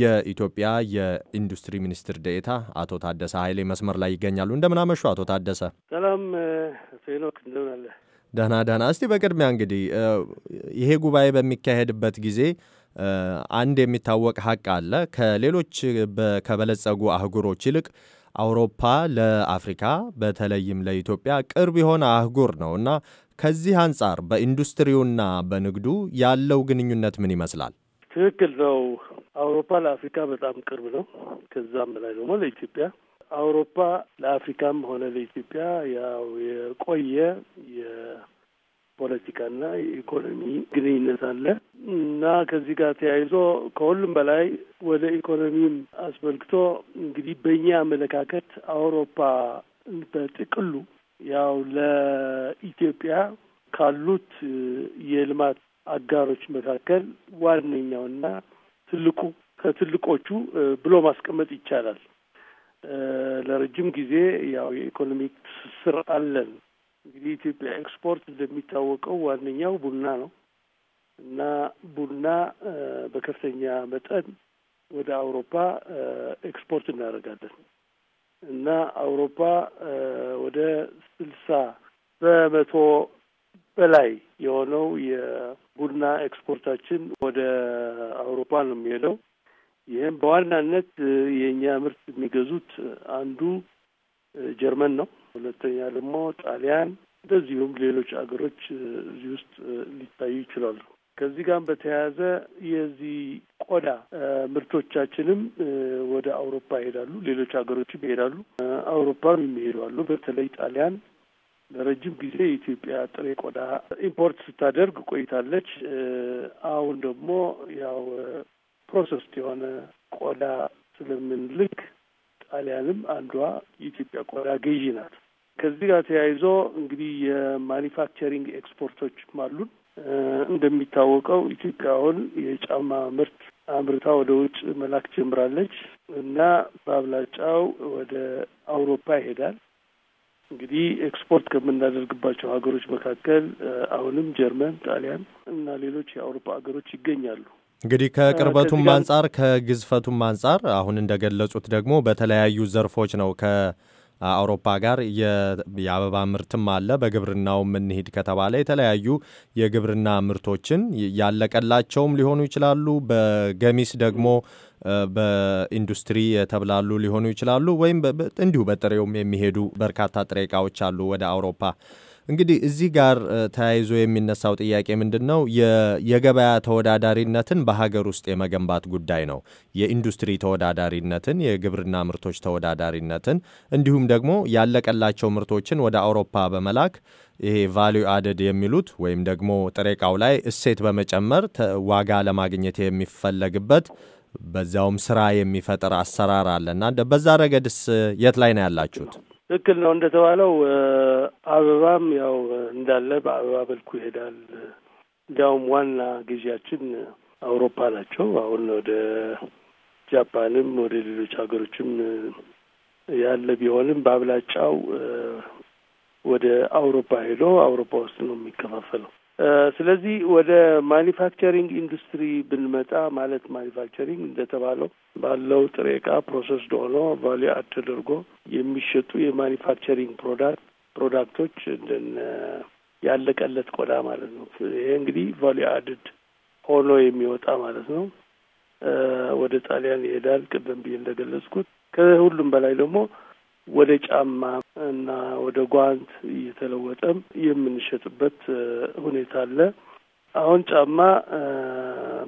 የኢትዮጵያ የኢንዱስትሪ ሚኒስትር ዴኤታ አቶ ታደሰ ኃይሌ መስመር ላይ ይገኛሉ። እንደምናመሹ አቶ ታደሰ። ሰላም ፌኖክ፣ እንደምናለ። ደህና ደህና። እስቲ በቅድሚያ እንግዲህ ይሄ ጉባኤ በሚካሄድበት ጊዜ አንድ የሚታወቅ ሀቅ አለ። ከሌሎች ከበለጸጉ አህጉሮች ይልቅ አውሮፓ ለአፍሪካ በተለይም ለኢትዮጵያ ቅርብ የሆነ አህጉር ነው እና ከዚህ አንጻር በኢንዱስትሪውና በንግዱ ያለው ግንኙነት ምን ይመስላል? ትክክል ነው። አውሮፓ ለአፍሪካ በጣም ቅርብ ነው። ከዛም በላይ ደግሞ ለኢትዮጵያ አውሮፓ ለአፍሪካም ሆነ ለኢትዮጵያ ያው የቆየ የፖለቲካና የኢኮኖሚ ግንኙነት አለ እና ከዚህ ጋር ተያይዞ ከሁሉም በላይ ወደ ኢኮኖሚም አስመልክቶ እንግዲህ በእኛ አመለካከት አውሮፓ በጥቅሉ ያው ለኢትዮጵያ ካሉት የልማት አጋሮች መካከል ዋነኛውና ትልቁ ከትልቆቹ ብሎ ማስቀመጥ ይቻላል። ለረጅም ጊዜ ያው የኢኮኖሚክ ትስስር አለን። እንግዲህ ኢትዮጵያ ኤክስፖርት እንደሚታወቀው ዋነኛው ቡና ነው እና ቡና በከፍተኛ መጠን ወደ አውሮፓ ኤክስፖርት እናደርጋለን እና አውሮፓ ወደ ስልሳ በመቶ በላይ የሆነው የቡና ኤክስፖርታችን ወደ አውሮፓ ነው የሚሄደው። ይህም በዋናነት የእኛ ምርት የሚገዙት አንዱ ጀርመን ነው፣ ሁለተኛ ደግሞ ጣሊያን፣ እንደዚሁም ሌሎች አገሮች እዚህ ውስጥ ሊታዩ ይችላሉ። ከዚህ ጋር በተያያዘ የዚህ ቆዳ ምርቶቻችንም ወደ አውሮፓ ይሄዳሉ፣ ሌሎች ሀገሮችም ይሄዳሉ፣ አውሮፓም የሚሄዱ አሉ። በተለይ ጣሊያን ለረጅም ጊዜ የኢትዮጵያ ጥሬ ቆዳ ኢምፖርት ስታደርግ ቆይታለች። አሁን ደግሞ ያው ፕሮሰስ የሆነ ቆዳ ስለምንልክ ጣሊያንም አንዷ የኢትዮጵያ ቆዳ ገዢ ናት። ከዚህ ጋር ተያይዞ እንግዲህ የማኒፋክቸሪንግ ኤክስፖርቶችም አሉን። እንደሚታወቀው ኢትዮጵያ አሁን የጫማ ምርት አምርታ ወደ ውጭ መላክ ጀምራለች እና በአብላጫው ወደ አውሮፓ ይሄዳል። እንግዲህ ኤክስፖርት ከምናደርግባቸው ሀገሮች መካከል አሁንም ጀርመን፣ ጣሊያን እና ሌሎች የአውሮፓ ሀገሮች ይገኛሉ። እንግዲህ ከቅርበቱም አንጻር ከግዝፈቱም አንጻር አሁን እንደገለጹት ደግሞ በተለያዩ ዘርፎች ነው ከ አውሮፓ ጋር የአበባ ምርትም አለ። በግብርናው የምንሄድ ከተባለ የተለያዩ የግብርና ምርቶችን ያለቀላቸውም ሊሆኑ ይችላሉ። በገሚስ ደግሞ በኢንዱስትሪ የተብላሉ ሊሆኑ ይችላሉ። ወይም እንዲሁ በጥሬውም የሚሄዱ በርካታ ጥሬ እቃዎች አሉ ወደ አውሮፓ እንግዲህ እዚህ ጋር ተያይዞ የሚነሳው ጥያቄ ምንድን ነው? የገበያ ተወዳዳሪነትን በሀገር ውስጥ የመገንባት ጉዳይ ነው። የኢንዱስትሪ ተወዳዳሪነትን፣ የግብርና ምርቶች ተወዳዳሪነትን እንዲሁም ደግሞ ያለቀላቸው ምርቶችን ወደ አውሮፓ በመላክ ይሄ ቫሊዩ አደድ የሚሉት ወይም ደግሞ ጥሬ እቃው ላይ እሴት በመጨመር ዋጋ ለማግኘት የሚፈለግበት በዚያውም ስራ የሚፈጥር አሰራር አለና በዛ ረገድስ የት ላይ ነው ያላችሁት? ትክክል ነው እንደተባለው አበባም ያው እንዳለ በአበባ በልኩ ይሄዳል። እንዲያውም ዋና ጊዜያችን አውሮፓ ናቸው። አሁን ወደ ጃፓንም ወደ ሌሎች ሀገሮችም ያለ ቢሆንም በአብላጫው ወደ አውሮፓ ሄዶ አውሮፓ ውስጥ ነው የሚከፋፈለው። ስለዚህ ወደ ማኒፋክቸሪንግ ኢንዱስትሪ ብንመጣ ማለት ማኒፋክቸሪንግ እንደተባለው ባለው ጥሬ እቃ ፕሮሰስ ደሆኖ ቫሉ አድ ተደርጎ የሚሸጡ የማኒፋክቸሪንግ ፕሮዳክት ፕሮዳክቶች እንደነ ያለቀለት ቆዳ ማለት ነው። ይሄ እንግዲህ ቫሊዩ አድድ ሆኖ የሚወጣ ማለት ነው። ወደ ጣሊያን ይሄዳል፣ ቅድም ብዬ እንደገለጽኩት። ከሁሉም በላይ ደግሞ ወደ ጫማ እና ወደ ጓንት እየተለወጠም የምንሸጥበት ሁኔታ አለ። አሁን ጫማ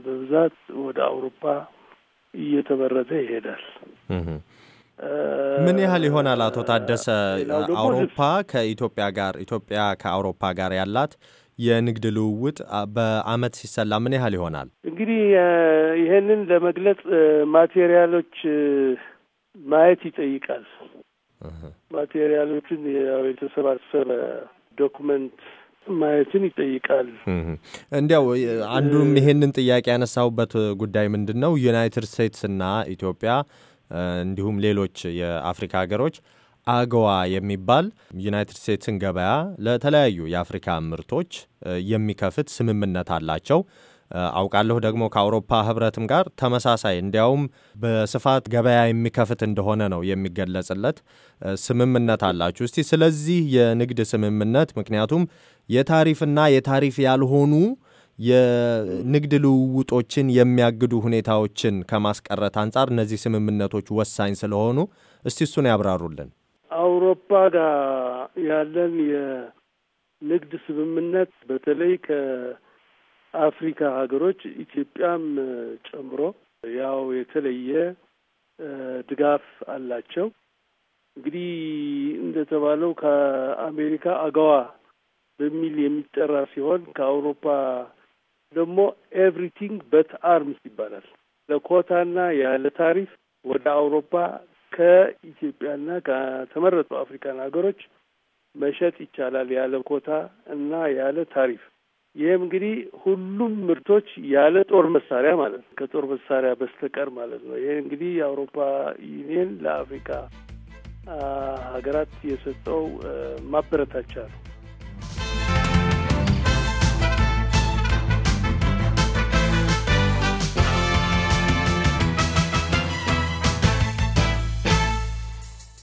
በብዛት ወደ አውሮፓ እየተመረተ ይሄዳል። ምን ያህል ይሆናል? አቶ ታደሰ፣ አውሮፓ ከኢትዮጵያ ጋር ኢትዮጵያ ከአውሮፓ ጋር ያላት የንግድ ልውውጥ በአመት ሲሰላ ምን ያህል ይሆናል? እንግዲህ ይህንን ለመግለጽ ማቴሪያሎች ማየት ይጠይቃል። ማቴሪያሎችን አሰበ ዶኩመንት ማየትን ይጠይቃል። እንዲያው አንዱም ይሄንን ጥያቄ ያነሳውበት ጉዳይ ምንድን ነው ዩናይትድ ስቴትስና ኢትዮጵያ እንዲሁም ሌሎች የአፍሪካ ሀገሮች አገዋ የሚባል ዩናይትድ ስቴትስን ገበያ ለተለያዩ የአፍሪካ ምርቶች የሚከፍት ስምምነት አላቸው። አውቃለሁ። ደግሞ ከአውሮፓ ህብረትም ጋር ተመሳሳይ እንዲያውም በስፋት ገበያ የሚከፍት እንደሆነ ነው የሚገለጽለት ስምምነት አላችሁ። እስቲ ስለዚህ የንግድ ስምምነት ምክንያቱም የታሪፍና የታሪፍ ያልሆኑ የንግድ ልውውጦችን የሚያግዱ ሁኔታዎችን ከማስቀረት አንጻር እነዚህ ስምምነቶች ወሳኝ ስለሆኑ እስቲ እሱን ያብራሩልን። አውሮፓ ጋር ያለን የንግድ ስምምነት በተለይ አፍሪካ ሀገሮች ኢትዮጵያም ጨምሮ ያው የተለየ ድጋፍ አላቸው። እንግዲህ እንደተባለው ከአሜሪካ አገዋ በሚል የሚጠራ ሲሆን ከአውሮፓ ደግሞ ኤቭሪቲንግ በት አርምስ ይባላል። ለኮታና ያለ ታሪፍ ወደ አውሮፓ ከኢትዮጵያና ከተመረጡ አፍሪካን ሀገሮች መሸጥ ይቻላል ያለ ኮታ እና ያለ ታሪፍ። ይህም እንግዲህ ሁሉም ምርቶች ያለ ጦር መሳሪያ ማለት ነው፣ ከጦር መሳሪያ በስተቀር ማለት ነው። ይህ እንግዲህ የአውሮፓ ዩኒየን ለአፍሪካ ሀገራት የሰጠው ማበረታቻ ነው።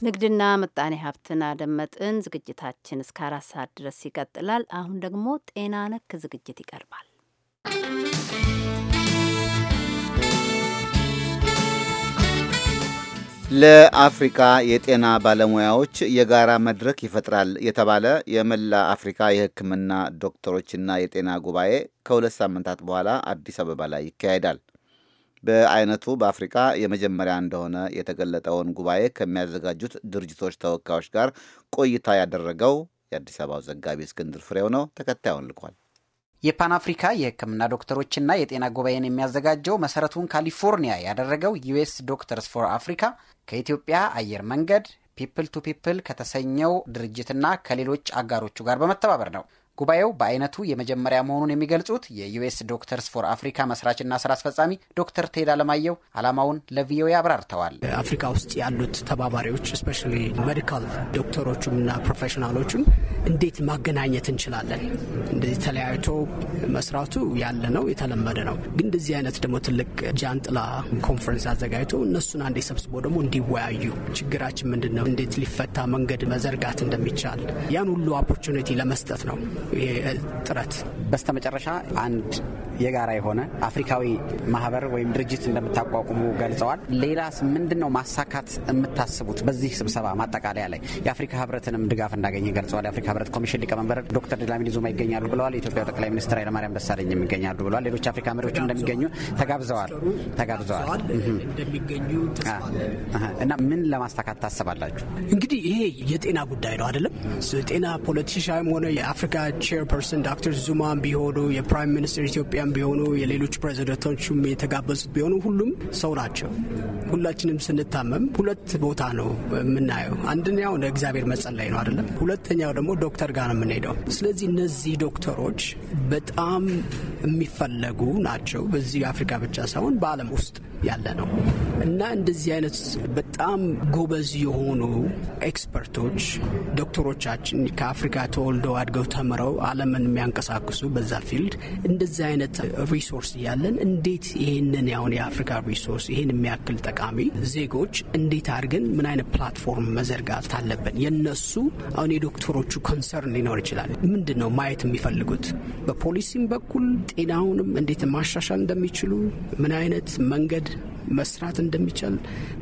ንግድና ምጣኔ ሀብትን አደመጥን። ዝግጅታችን እስከ አራት ሰዓት ድረስ ይቀጥላል። አሁን ደግሞ ጤና ነክ ዝግጅት ይቀርባል። ለአፍሪካ የጤና ባለሙያዎች የጋራ መድረክ ይፈጥራል የተባለ የመላ አፍሪካ የሕክምና ዶክተሮችና የጤና ጉባኤ ከሁለት ሳምንታት በኋላ አዲስ አበባ ላይ ይካሄዳል። በአይነቱ በአፍሪካ የመጀመሪያ እንደሆነ የተገለጠውን ጉባኤ ከሚያዘጋጁት ድርጅቶች ተወካዮች ጋር ቆይታ ያደረገው የአዲስ አበባው ዘጋቢ እስክንድር ፍሬው ነው። ተከታዩን ልኳል። የፓን አፍሪካ የሕክምና ዶክተሮችና የጤና ጉባኤን የሚያዘጋጀው መሰረቱን ካሊፎርኒያ ያደረገው ዩኤስ ዶክተርስ ፎር አፍሪካ ከኢትዮጵያ አየር መንገድ ፒፕል ቱ ፒፕል ከተሰኘው ድርጅትና ከሌሎች አጋሮቹ ጋር በመተባበር ነው። ጉባኤው በአይነቱ የመጀመሪያ መሆኑን የሚገልጹት የዩኤስ ዶክተርስ ፎር አፍሪካ መስራችና ስራ አስፈጻሚ ዶክተር ቴድ አለማየሁ ዓላማውን ለቪኦኤ አብራርተዋል። አፍሪካ ውስጥ ያሉት ተባባሪዎች እስፔሻሊ ሜዲካል እና ፕሮፌሽናሎቹም እንዴት ማገናኘት እንችላለን? እንደዚህ ተለያይቶ መስራቱ ያለ ነው፣ የተለመደ ነው። ግን እንደዚህ አይነት ደግሞ ትልቅ ጃንጥላ ኮንፈረንስ አዘጋጅቶ እነሱን አንዴ ሰብስቦ ደግሞ እንዲወያዩ ችግራችን ምንድን ነው፣ እንዴት ሊፈታ መንገድ መዘርጋት እንደሚቻል ያን ሁሉ ኦፖርቹኒቲ ለመስጠት ነው። ጥረት። በስተመጨረሻ አንድ የጋራ የሆነ አፍሪካዊ ማህበር ወይም ድርጅት እንደምታቋቁሙ ገልጸዋል። ሌላስ ምንድን ነው ማሳካት የምታስቡት? በዚህ ስብሰባ ማጠቃለያ ላይ የአፍሪካ ህብረትንም ድጋፍ እንዳገኘ ገልጸዋል። የአፍሪካ ህብረት ኮሚሽን ሊቀመንበር ዶክተር ድላሚኒ ዙማ ይገኛሉ ብለዋል። የኢትዮጵያ ጠቅላይ ሚኒስትር ኃይለማርያም ደሳለኝም ይገኛሉ ብለዋል። ሌሎች አፍሪካ መሪዎች እንደሚገኙ ተጋብዘዋል ተጋብዘዋል እና ምን ለማስታካት ታስባላችሁ? እንግዲህ ይሄ የጤና ጉዳይ ነው አይደለም። ጤና ፖለቲሻም ሆነ የአፍሪካ ቼርፐርሰን ዶክተር ዙማን ቢሆኑ የፕራይም ሚኒስትር ኢትዮጵያን ቢሆኑ የሌሎች ፕሬዚደንቶችም የተጋበዙት ቢሆኑ ሁሉም ሰው ናቸው። ሁላችንም ስንታመም ሁለት ቦታ ነው የምናየው። አንደኛው ለእግዚአብሔር መጸለይ ነው አይደለም። ሁለተኛው ደግሞ ዶክተር ጋር ነው የምንሄደው። ስለዚህ እነዚህ ዶክተሮች በጣም የሚፈለጉ ናቸው። በዚህ አፍሪካ ብቻ ሳይሆን በዓለም ውስጥ ያለ ነው እና እንደዚህ አይነት በጣም ጎበዝ የሆኑ ኤክስፐርቶች ዶክተሮቻችን ከአፍሪካ ተወልደው አድገው ተምረው ዓለምን የሚያንቀሳቅሱ በዛ ፊልድ እንደዚህ አይነት ሪሶርስ እያለን እንዴት ይህንን ያሁን የአፍሪካ ሪሶርስ ይህን የሚያክል ጠቃሚ ዜጎች እንዴት አድርገን ምን አይነት ፕላትፎርም መዘርጋት አለብን? የነሱ አሁን የዶክተሮቹ ኮንሰርን ሊኖር ይችላል። ምንድን ነው ማየት የሚፈልጉት? በፖሊሲም በኩል ጤናውንም እንዴት ማሻሻል እንደሚችሉ ምን አይነት መንገድ mind መስራት እንደሚቻል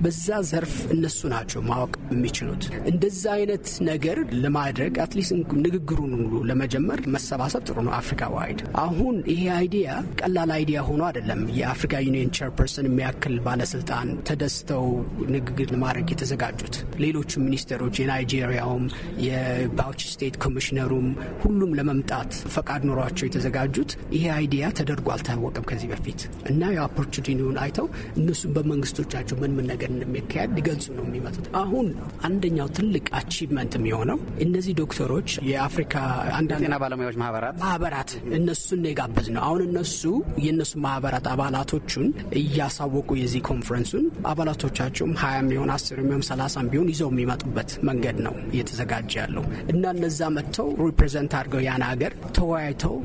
በዛ ዘርፍ እነሱ ናቸው ማወቅ የሚችሉት። እንደዛ አይነት ነገር ለማድረግ አትሊስት ንግግሩን ሁሉ ለመጀመር መሰባሰብ ጥሩ ነው። አፍሪካ ዋይድ አሁን ይሄ አይዲያ ቀላል አይዲያ ሆኖ አይደለም። የአፍሪካ ዩኒየን ቼርፐርሰን የሚያክል ባለስልጣን ተደስተው ንግግር ለማድረግ የተዘጋጁት ሌሎቹ ሚኒስትሮች የናይጄሪያውም፣ የባውች ስቴት ኮሚሽነሩም ሁሉም ለመምጣት ፈቃድ ኖሯቸው የተዘጋጁት ይሄ አይዲያ ተደርጎ አልታወቀም ከዚህ በፊት እና የኦፖርቹኒቲውን አይተው እነሱም በመንግስቶቻቸው ምን ምን ነገር እንደሚካሄድ ሊገልጹ ነው የሚመጡት። አሁን አንደኛው ትልቅ አቺቭመንት የሚሆነው እነዚህ ዶክተሮች የአፍሪካ አንዳንድ ጤና ባለሙያዎች ማህበራት ማህበራት እነሱን የጋበዝ ነው። አሁን እነሱ የእነሱ ማህበራት አባላቶቹን እያሳወቁ የዚህ ኮንፈረንሱን አባላቶቻቸውም ሀያም የሚሆን አስርም የሚሆን ሰላሳ ቢሆን ይዘው የሚመጡበት መንገድ ነው እየተዘጋጀ ያለው እና እነዛ መጥተው ሪፕሬዘንት አድርገው ያን ሀገር ተወያይተው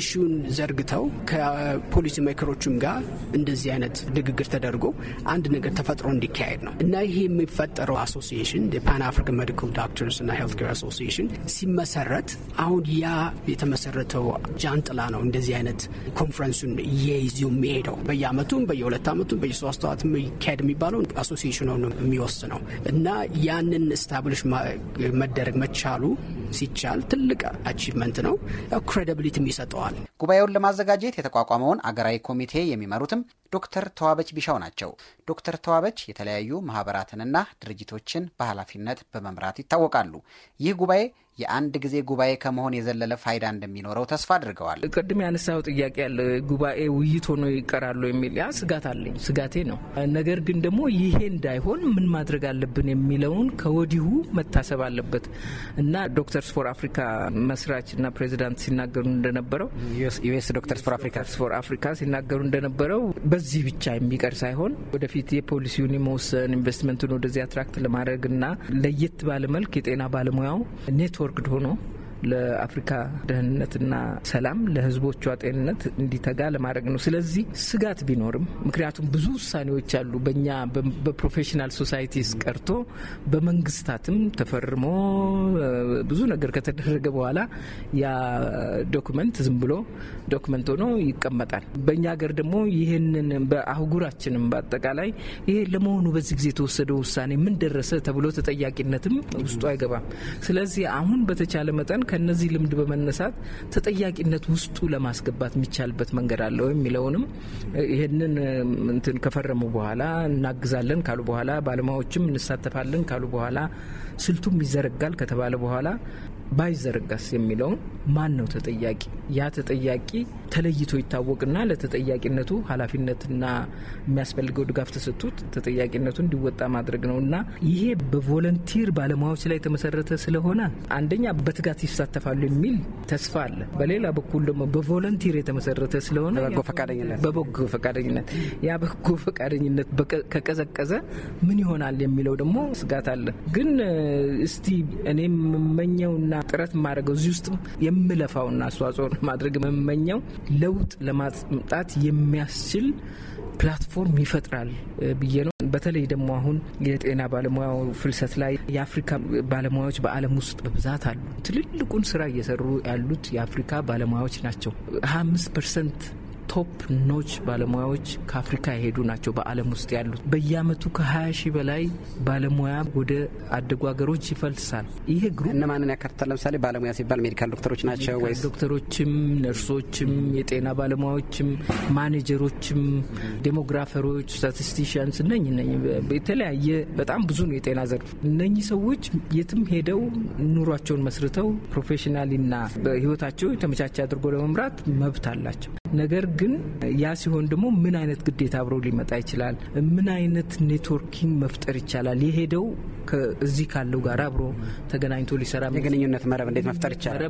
እሹን ዘርግተው ከፖሊሲ ሜከሮቹም ጋር እንደዚህ አይነት ንግግር ተደርጎ ተደርጎ አንድ ነገር ተፈጥሮ እንዲካሄድ ነው እና ይህ የሚፈጠረው አሶሲሽን የፓን አፍሪካን ሜዲካል ዶክተርስ እና ሄልት ኬር አሶሲሽን ሲመሰረት አሁን ያ የተመሰረተው ጃንጥላ ነው እንደዚህ አይነት ኮንፈረንሱን እየይዞ የሚሄደው በየአመቱም በየሁለት አመቱም በየሶስት ሰዓት የሚካሄድ የሚባለው አሶሲሽኑ ነው የሚወስነው እና ያንን ስታብሊሽ መደረግ መቻሉ ሲቻል ትልቅ አቺቭመንት ነው። ክሬዲብሊቲም ይሰጠዋል። ጉባኤውን ለማዘጋጀት የተቋቋመውን አገራዊ ኮሚቴ የሚመሩትም ዶክተር ተዋበች ቢሻው ናቸው። ዶክተር ተዋበች የተለያዩ ማህበራትንና ድርጅቶችን በኃላፊነት በመምራት ይታወቃሉ። ይህ ጉባኤ የአንድ ጊዜ ጉባኤ ከመሆን የዘለለ ፋይዳ እንደሚኖረው ተስፋ አድርገዋል። ቅድም ያነሳው ጥያቄ ያለ ጉባኤ ውይይት ሆኖ ይቀራሉ የሚል ያ ስጋት አለኝ፣ ስጋቴ ነው። ነገር ግን ደግሞ ይሄ እንዳይሆን ምን ማድረግ አለብን የሚለውን ከወዲሁ መታሰብ አለበት እና ዶክተርስ ፎር አፍሪካ መስራች እና ፕሬዚዳንት ሲናገሩ እንደነበረው ዩኤስ ዶክተርስ ፎር አፍሪካ ፎር አፍሪካ ሲናገሩ እንደነበረው በዚህ ብቻ የሚቀር ሳይሆን ወደፊት የፖሊሲውን የመወሰን ኢንቨስትመንቱን ወደዚህ አትራክት ለማድረግ እና ለየት ባለመልክ የጤና ባለሙያው ኔትወርክ ሪኮርድ ሆኖ ለአፍሪካ ደህንነትና ሰላም ለህዝቦቿ ጤንነት እንዲተጋ ለማድረግ ነው። ስለዚህ ስጋት ቢኖርም ምክንያቱም ብዙ ውሳኔዎች አሉ በእኛ በፕሮፌሽናል ሶሳይቲስ ቀርቶ በመንግስታትም ተፈርሞ ብዙ ነገር ከተደረገ በኋላ ያ ዶክመንት ዝም ብሎ ዶክመንት ሆኖ ይቀመጣል። በእኛ ሀገር ደግሞ ይህንን በአህጉራችንም በአጠቃላይ ይሄ ለመሆኑ በዚህ ጊዜ የተወሰደው ውሳኔ ምን ደረሰ ተብሎ ተጠያቂነትም ውስጡ አይገባም። ስለዚህ አሁን በተቻለ መጠን ከነዚህ ልምድ በመነሳት ተጠያቂነት ውስጡ ለማስገባት የሚቻልበት መንገድ አለው የሚለውንም ይህንን እንትን ከፈረሙ በኋላ እናግዛለን ካሉ በኋላ ባለሙያዎችም እንሳተፋለን ካሉ በኋላ ስልቱም ይዘረጋል ከተባለ በኋላ ባይዘረጋስ የሚለውን ማን ነው ተጠያቂ? ያ ተጠያቂ ተለይቶ ይታወቅና ለተጠያቂነቱ ኃላፊነትና የሚያስፈልገው ድጋፍ ተሰጥቶት ተጠያቂነቱ እንዲወጣ ማድረግ ነው እና ይሄ በቮለንቲር ባለሙያዎች ላይ የተመሰረተ ስለሆነ አንደኛ በትጋት ይሳተፋሉ የሚል ተስፋ አለ። በሌላ በኩል ደግሞ በቮለንቲር የተመሰረተ ስለሆነ በበጎ ፈቃደኝነት ያ በጎ ፈቃደኝነት ከቀዘቀዘ ምን ይሆናል የሚለው ደግሞ ስጋት አለ። ግን እስቲ እኔ የምመኘውና ጥረት የማደርገው እዚህ ውስጥ የምለፋውና አስተዋጽኦ ማድረግ የምመኘው ለውጥ ለማምጣት የሚያስችል ፕላትፎርም ይፈጥራል ብዬ ነው። በተለይ ደግሞ አሁን የጤና ባለሙያው ፍልሰት ላይ የአፍሪካ ባለሙያዎች በዓለም ውስጥ በብዛት አሉ። ትልልቁን ስራ እየሰሩ ያሉት የአፍሪካ ባለሙያዎች ናቸው። 25 ፐርሰንት ቶፕ ኖች ባለሙያዎች ከአፍሪካ የሄዱ ናቸው። በዓለም ውስጥ ያሉት በየአመቱ ከ20 ሺህ በላይ ባለሙያ ወደ አደጉ ሀገሮች ይፈልሳል። ይሄ ግሩፕ እነማንን ያካትታል? ለምሳሌ ባለሙያ ሲባል ሜዲካል ዶክተሮች ናቸው ወይስ ዶክተሮችም፣ ነርሶችም፣ የጤና ባለሙያዎችም፣ ማኔጀሮችም፣ ዴሞግራፈሮች፣ ስታቲስቲሽንስ እነኝ እነኝ የተለያየ በጣም ብዙ ነው የጤና ዘርፍ። እነኚህ ሰዎች የትም ሄደው ኑሯቸውን መስርተው ፕሮፌሽናሊና በህይወታቸው የተመቻቸ አድርጎ ለመምራት መብት አላቸው። ነገር ግን ያ ሲሆን ደግሞ ምን አይነት ግዴታ አብሮ ሊመጣ ይችላል? ምን አይነት ኔትወርኪንግ መፍጠር ይቻላል? የሄደው እዚህ ካለው ጋር አብሮ ተገናኝቶ ሊሰራ የግንኙነት መረብ እንዴት መፍጠር ይቻላል?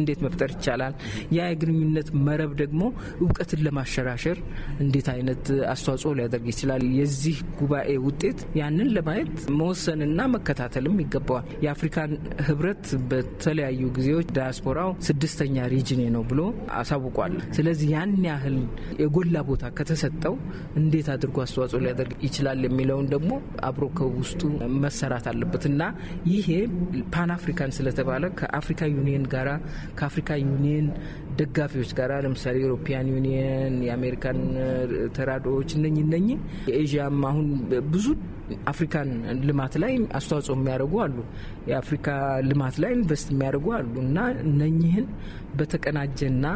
እንዴት መፍጠር ይቻላል? ያ የግንኙነት መረብ ደግሞ እውቀትን ለማሸራሸር እንዴት አይነት አስተዋጽኦ ሊያደርግ ይችላል? የዚህ ጉባኤ ውጤት ያንን ለማየት መወሰንና መከታተልም ይገባዋል። የአፍሪካን ህብረት በተለያዩ ጊዜዎች ዳያስፖራው ስድስተኛ ሪጅኔ ነው ብሎ አሳውቋል። ስለዚህ ያን ያህል የጎላ ቦታ ከተሰጠው እንዴት አድርጎ አስተዋጽኦ ሊያደርግ ይችላል የሚለውን ደግሞ አብሮ ከውስጡ መሰራት አለበት እና ይሄ ፓን አፍሪካን ስለተባለ ከአፍሪካ ዩኒየን ጋራ ከአፍሪካ ዩኒየን ደጋፊዎች ጋር ለምሳሌ ዩሮፒያን ዩኒየን፣ የአሜሪካን ተራድኦዎች እነኝ እነኝ የኤዥያም አሁን ብዙ አፍሪካን ልማት ላይ አስተዋጽኦ የሚያደርጉ አሉ። የአፍሪካ ልማት ላይ ኢንቨስት የሚያደርጉ አሉ እና እነኝህን በተቀናጀና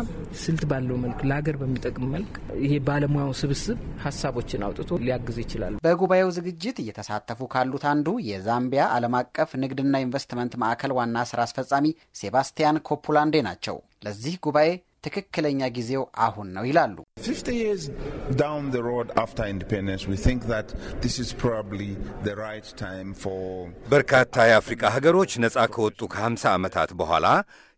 ስልት ባለው መልክ ለሀገር በሚጠቅም መልክ ይሄ ባለሙያው ስብስብ ሀሳቦችን አውጥቶ ሊያግዝ ይችላል። በጉባኤው ዝግጅት እየተሳተፉ ካሉት አንዱ የዛምቢያ ዓለም አቀፍ ንግድና ኢንቨስትመንት ማዕከል ዋና ስራ አስፈጻሚ ሴባስቲያን ኮፑላንዴ ናቸው። ለዚህ ጉባኤ ትክክለኛ ጊዜው አሁን ነው ይላሉ። በርካታ የአፍሪቃ ሀገሮች ነፃ ከወጡ ከ50 ዓመታት በኋላ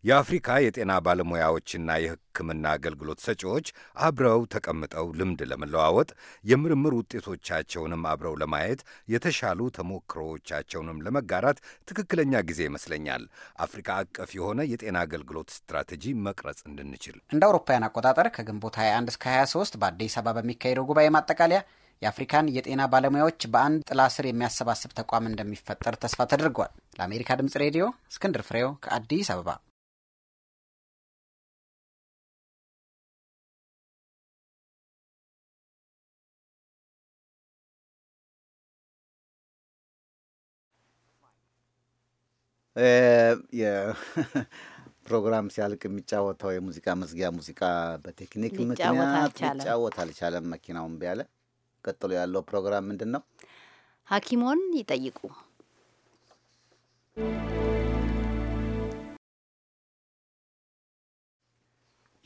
የአፍሪካ የጤና ባለሙያዎችና የሕክምና አገልግሎት ሰጪዎች አብረው ተቀምጠው ልምድ ለመለዋወጥ የምርምር ውጤቶቻቸውንም አብረው ለማየት የተሻሉ ተሞክሮዎቻቸውንም ለመጋራት ትክክለኛ ጊዜ ይመስለኛል። አፍሪካ አቀፍ የሆነ የጤና አገልግሎት ስትራቴጂ መቅረጽ እንድንችል እንደ አውሮፓውያን አቆጣጠር ከግንቦት 21 እስከ 23 በአዲስ አበባ በሚካሄደው ጉባኤ ማጠቃለያ የአፍሪካን የጤና ባለሙያዎች በአንድ ጥላ ስር የሚያሰባስብ ተቋም እንደሚፈጠር ተስፋ ተደርጓል። ለአሜሪካ ድምፅ ሬዲዮ እስክንድር ፍሬው ከአዲስ አበባ *laughs* ፕሮግራም ሲያልቅ የሚጫወተው የሙዚቃ መዝጊያ ሙዚቃ በቴክኒክ ምክንያት ሊጫወት አልቻለም። መኪናውን ቢያለ ቀጥሎ ያለው ፕሮግራም ምንድን ነው? ሐኪሞን ይጠይቁ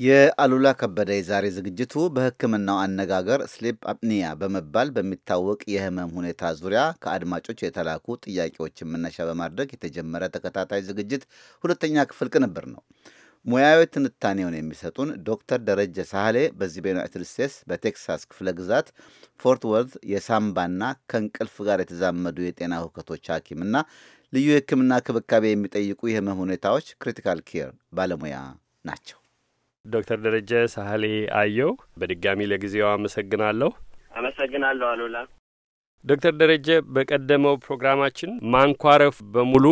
የአሉላ ከበደ የዛሬ ዝግጅቱ በሕክምናው አነጋገር ስሊፕ አፕኒያ በመባል በሚታወቅ የህመም ሁኔታ ዙሪያ ከአድማጮች የተላኩ ጥያቄዎችን መነሻ በማድረግ የተጀመረ ተከታታይ ዝግጅት ሁለተኛ ክፍል ቅንብር ነው። ሙያዊ ትንታኔውን የሚሰጡን ዶክተር ደረጀ ሳህሌ በዚህ በዩናይትድ ስቴትስ በቴክሳስ ክፍለ ግዛት ፎርት ወርዝ የሳምባና ከእንቅልፍ ጋር የተዛመዱ የጤና ሁከቶች ሐኪምና ልዩ የህክምና ክብካቤ የሚጠይቁ የህመም ሁኔታዎች ክሪቲካል ኬር ባለሙያ ናቸው። ዶክተር ደረጀ ሳህሌ አየው በድጋሚ ለጊዜው አመሰግናለሁ። አመሰግናለሁ አሉላ። ዶክተር ደረጀ በቀደመው ፕሮግራማችን ማንኳረፍ በሙሉ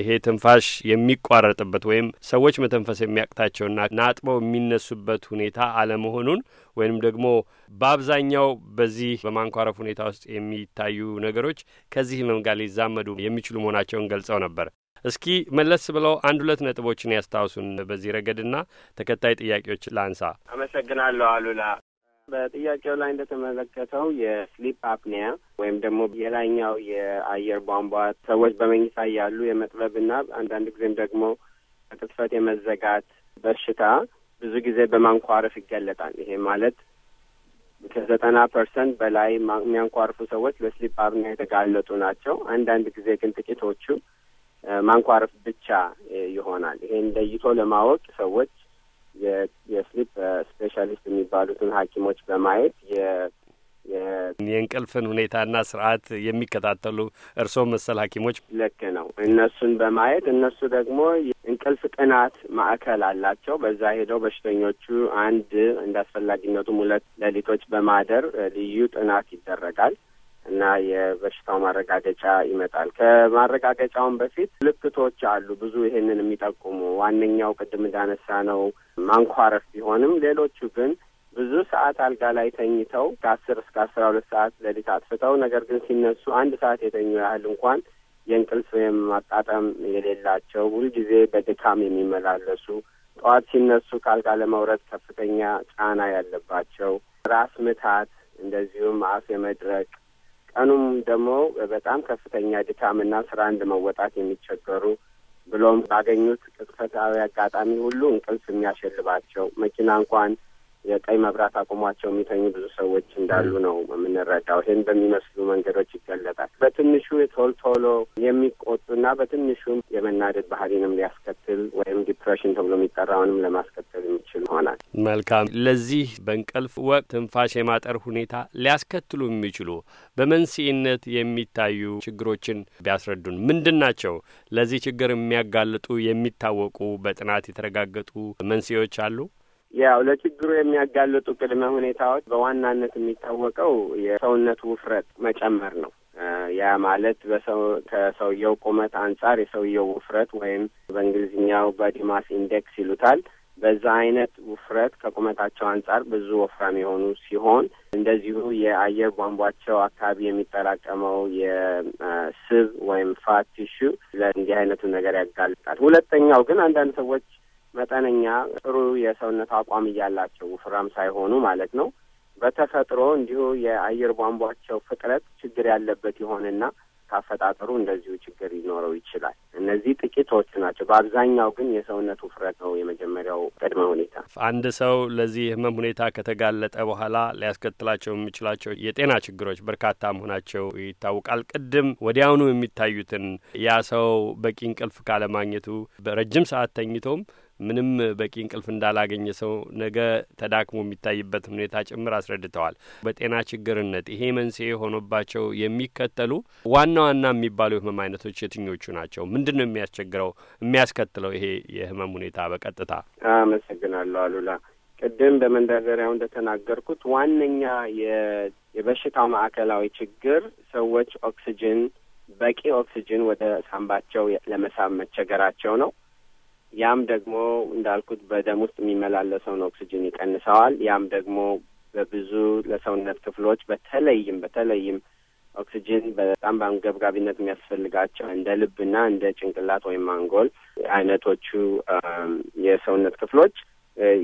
ይሄ ትንፋሽ የሚቋረጥበት ወይም ሰዎች መተንፈስ የሚያቅታቸውና ናጥበው የሚነሱበት ሁኔታ አለመሆኑን ወይም ደግሞ በአብዛኛው በዚህ በማንኳረፍ ሁኔታ ውስጥ የሚታዩ ነገሮች ከዚህ ህመም ጋር ሊዛመዱ የሚችሉ መሆናቸውን ገልጸው ነበር። እስኪ መለስ ብለው አንድ ሁለት ነጥቦችን ያስታውሱን በዚህ ረገድና ተከታይ ጥያቄዎች ላንሳ። አመሰግናለሁ አሉላ። በጥያቄው ላይ እንደተመለከተው የስሊፕ አፕኒያ ወይም ደግሞ የላይኛው የአየር ቧንቧ ሰዎች በመኝታ ያሉ የመጥበብና አንዳንድ ጊዜም ደግሞ ቅጥፈት የመዘጋት በሽታ ብዙ ጊዜ በማንኳረፍ ይገለጣል። ይሄ ማለት ከዘጠና ፐርሰንት በላይ የሚያንኳርፉ ሰዎች ለስሊፕ አፕኒያ የተጋለጡ ናቸው። አንዳንድ ጊዜ ግን ጥቂቶቹ ማንኳረፍ ብቻ ይሆናል። ይሄን ለይቶ ለማወቅ ሰዎች የስሊፕ ስፔሻሊስት የሚባሉትን ሐኪሞች በማየት የእንቅልፍን ሁኔታና ስርዓት የሚከታተሉ እርስዎ መሰል ሐኪሞች ልክ ነው። እነሱን በማየት እነሱ ደግሞ እንቅልፍ ጥናት ማዕከል አላቸው። በዛ ሄደው በሽተኞቹ አንድ እንደ አስፈላጊነቱም ሁለት ሌሊቶች በማደር ልዩ ጥናት ይደረጋል። እና የበሽታው ማረጋገጫ ይመጣል። ከማረጋገጫውን በፊት ምልክቶች አሉ ብዙ ይሄንን የሚጠቁሙ ዋነኛው ቅድም እንዳነሳ ነው ማንኳረፍ ቢሆንም ሌሎቹ ግን ብዙ ሰዓት አልጋ ላይ ተኝተው ከአስር እስከ አስራ ሁለት ሰዓት ሌሊት አጥፍተው ነገር ግን ሲነሱ አንድ ሰዓት የተኙ ያህል እንኳን የእንቅልፍ ወይም ማጣጠም የሌላቸው ሁልጊዜ በድካም የሚመላለሱ ጠዋት ሲነሱ ከአልጋ ለመውረድ ከፍተኛ ጫና ያለባቸው ራስ ምታት እንደዚሁም አፍ የመድረቅ ቀኑም ደግሞ በጣም ከፍተኛ ድካምና ስራ እንድ መወጣት የሚቸገሩ ብሎም ባገኙት ቅጥፈታዊ አጋጣሚ ሁሉ እንቅልፍ የሚያሸልባቸው መኪና እንኳን የቀይ መብራት አቁሟቸው የሚተኙ ብዙ ሰዎች እንዳሉ ነው የምንረዳው። ይህን በሚመስሉ መንገዶች ይገለጣል። በትንሹ ቶል ቶሎ የሚቆጡና በትንሹም የመናደድ ባህሪንም ሊያስከትል ወይም ዲፕሬሽን ተብሎ የሚጠራውንም ለማስከተል የሚችል ይሆናል። መልካም። ለዚህ በእንቅልፍ ወቅት ትንፋሽ የማጠር ሁኔታ ሊያስከትሉ የሚችሉ በመንስኤነት የሚታዩ ችግሮችን ቢያስረዱን ምንድን ናቸው? ለዚህ ችግር የሚያጋልጡ የሚታወቁ በጥናት የተረጋገጡ መንስኤዎች አሉ? ያው ለችግሩ የሚያጋልጡ ቅድመ ሁኔታዎች በዋናነት የሚታወቀው የሰውነት ውፍረት መጨመር ነው። ያ ማለት በሰው ከሰውየው ቁመት አንጻር የሰውየው ውፍረት ወይም በእንግሊዝኛው ቦዲ ማስ ኢንዴክስ ይሉታል። በዛ አይነት ውፍረት ከቁመታቸው አንጻር ብዙ ወፍራም የሆኑ ሲሆን እንደዚሁ የአየር ቧንቧቸው አካባቢ የሚጠራቀመው የስብ ወይም ፋት ቲሹ ለእንዲህ አይነቱ ነገር ያጋልጣል። ሁለተኛው ግን አንዳንድ ሰዎች መጠነኛ ጥሩ የሰውነት አቋም እያላቸው ውፍራም ሳይሆኑ ማለት ነው። በተፈጥሮ እንዲሁ የአየር ቧንቧቸው ፍጥረት ችግር ያለበት ይሆንና ካፈጣጠሩ እንደዚሁ ችግር ሊኖረው ይችላል። እነዚህ ጥቂቶቹ ናቸው። በአብዛኛው ግን የሰውነት ውፍረት ነው የመጀመሪያው ቅድመ ሁኔታ። አንድ ሰው ለዚህ ህመም ሁኔታ ከተጋለጠ በኋላ ሊያስከትላቸው የሚችላቸው የጤና ችግሮች በርካታ መሆናቸው ይታወቃል። ቅድም ወዲያውኑ የሚታዩትን ያ ሰው በቂ እንቅልፍ ካለማግኘቱ በረጅም ሰዓት ተኝቶም ምንም በቂ እንቅልፍ እንዳላገኘ ሰው ነገ ተዳክሞ የሚታይበት ሁኔታ ጭምር አስረድተዋል። በጤና ችግርነት ይሄ መንስኤ ሆኖባቸው የሚከተሉ ዋና ዋና የሚባሉ የህመም አይነቶች የትኞቹ ናቸው? ምንድን ነው የሚያስቸግረው የሚያስከትለው ይሄ የህመም ሁኔታ በቀጥታ? አመሰግናለሁ አሉላ። ቅድም በመንደርደሪያው እንደተናገርኩት ዋነኛ የበሽታው ማዕከላዊ ችግር ሰዎች ኦክሲጅን በቂ ኦክሲጅን ወደ ሳንባቸው ለመሳብ መቸገራቸው ነው። ያም ደግሞ እንዳልኩት በደም ውስጥ የሚመላለሰውን ኦክስጅን ይቀንሰዋል። ያም ደግሞ በብዙ ለሰውነት ክፍሎች በተለይም በተለይም ኦክስጅን በጣም በአንገብጋቢነት የሚያስፈልጋቸው እንደ ልብና እንደ ጭንቅላት ወይም አንጎል አይነቶቹ የሰውነት ክፍሎች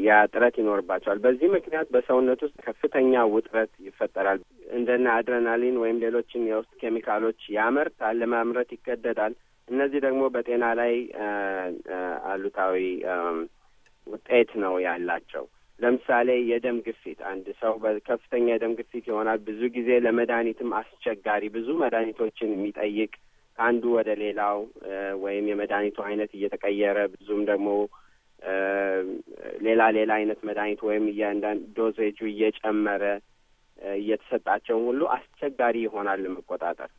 ያ እጥረት ይኖርባቸዋል። በዚህ ምክንያት በሰውነት ውስጥ ከፍተኛ ውጥረት ይፈጠራል። እንደነ አድረናሊን ወይም ሌሎችን የውስጥ ኬሚካሎች ያመርታል፣ ለማምረት ይገደዳል። እነዚህ ደግሞ በጤና ላይ አሉታዊ ውጤት ነው ያላቸው። ለምሳሌ የደም ግፊት፣ አንድ ሰው በከፍተኛ የደም ግፊት ይሆናል። ብዙ ጊዜ ለመድኃኒትም አስቸጋሪ ብዙ መድኃኒቶችን የሚጠይቅ ከአንዱ ወደ ሌላው ወይም የመድኃኒቱ አይነት እየተቀየረ ብዙም ደግሞ ሌላ ሌላ አይነት መድኃኒት ወይም እያንዳንድ ዶዜጁ እየጨመረ እየተሰጣቸውን ሁሉ አስቸጋሪ ይሆናል ለመቆጣጠር።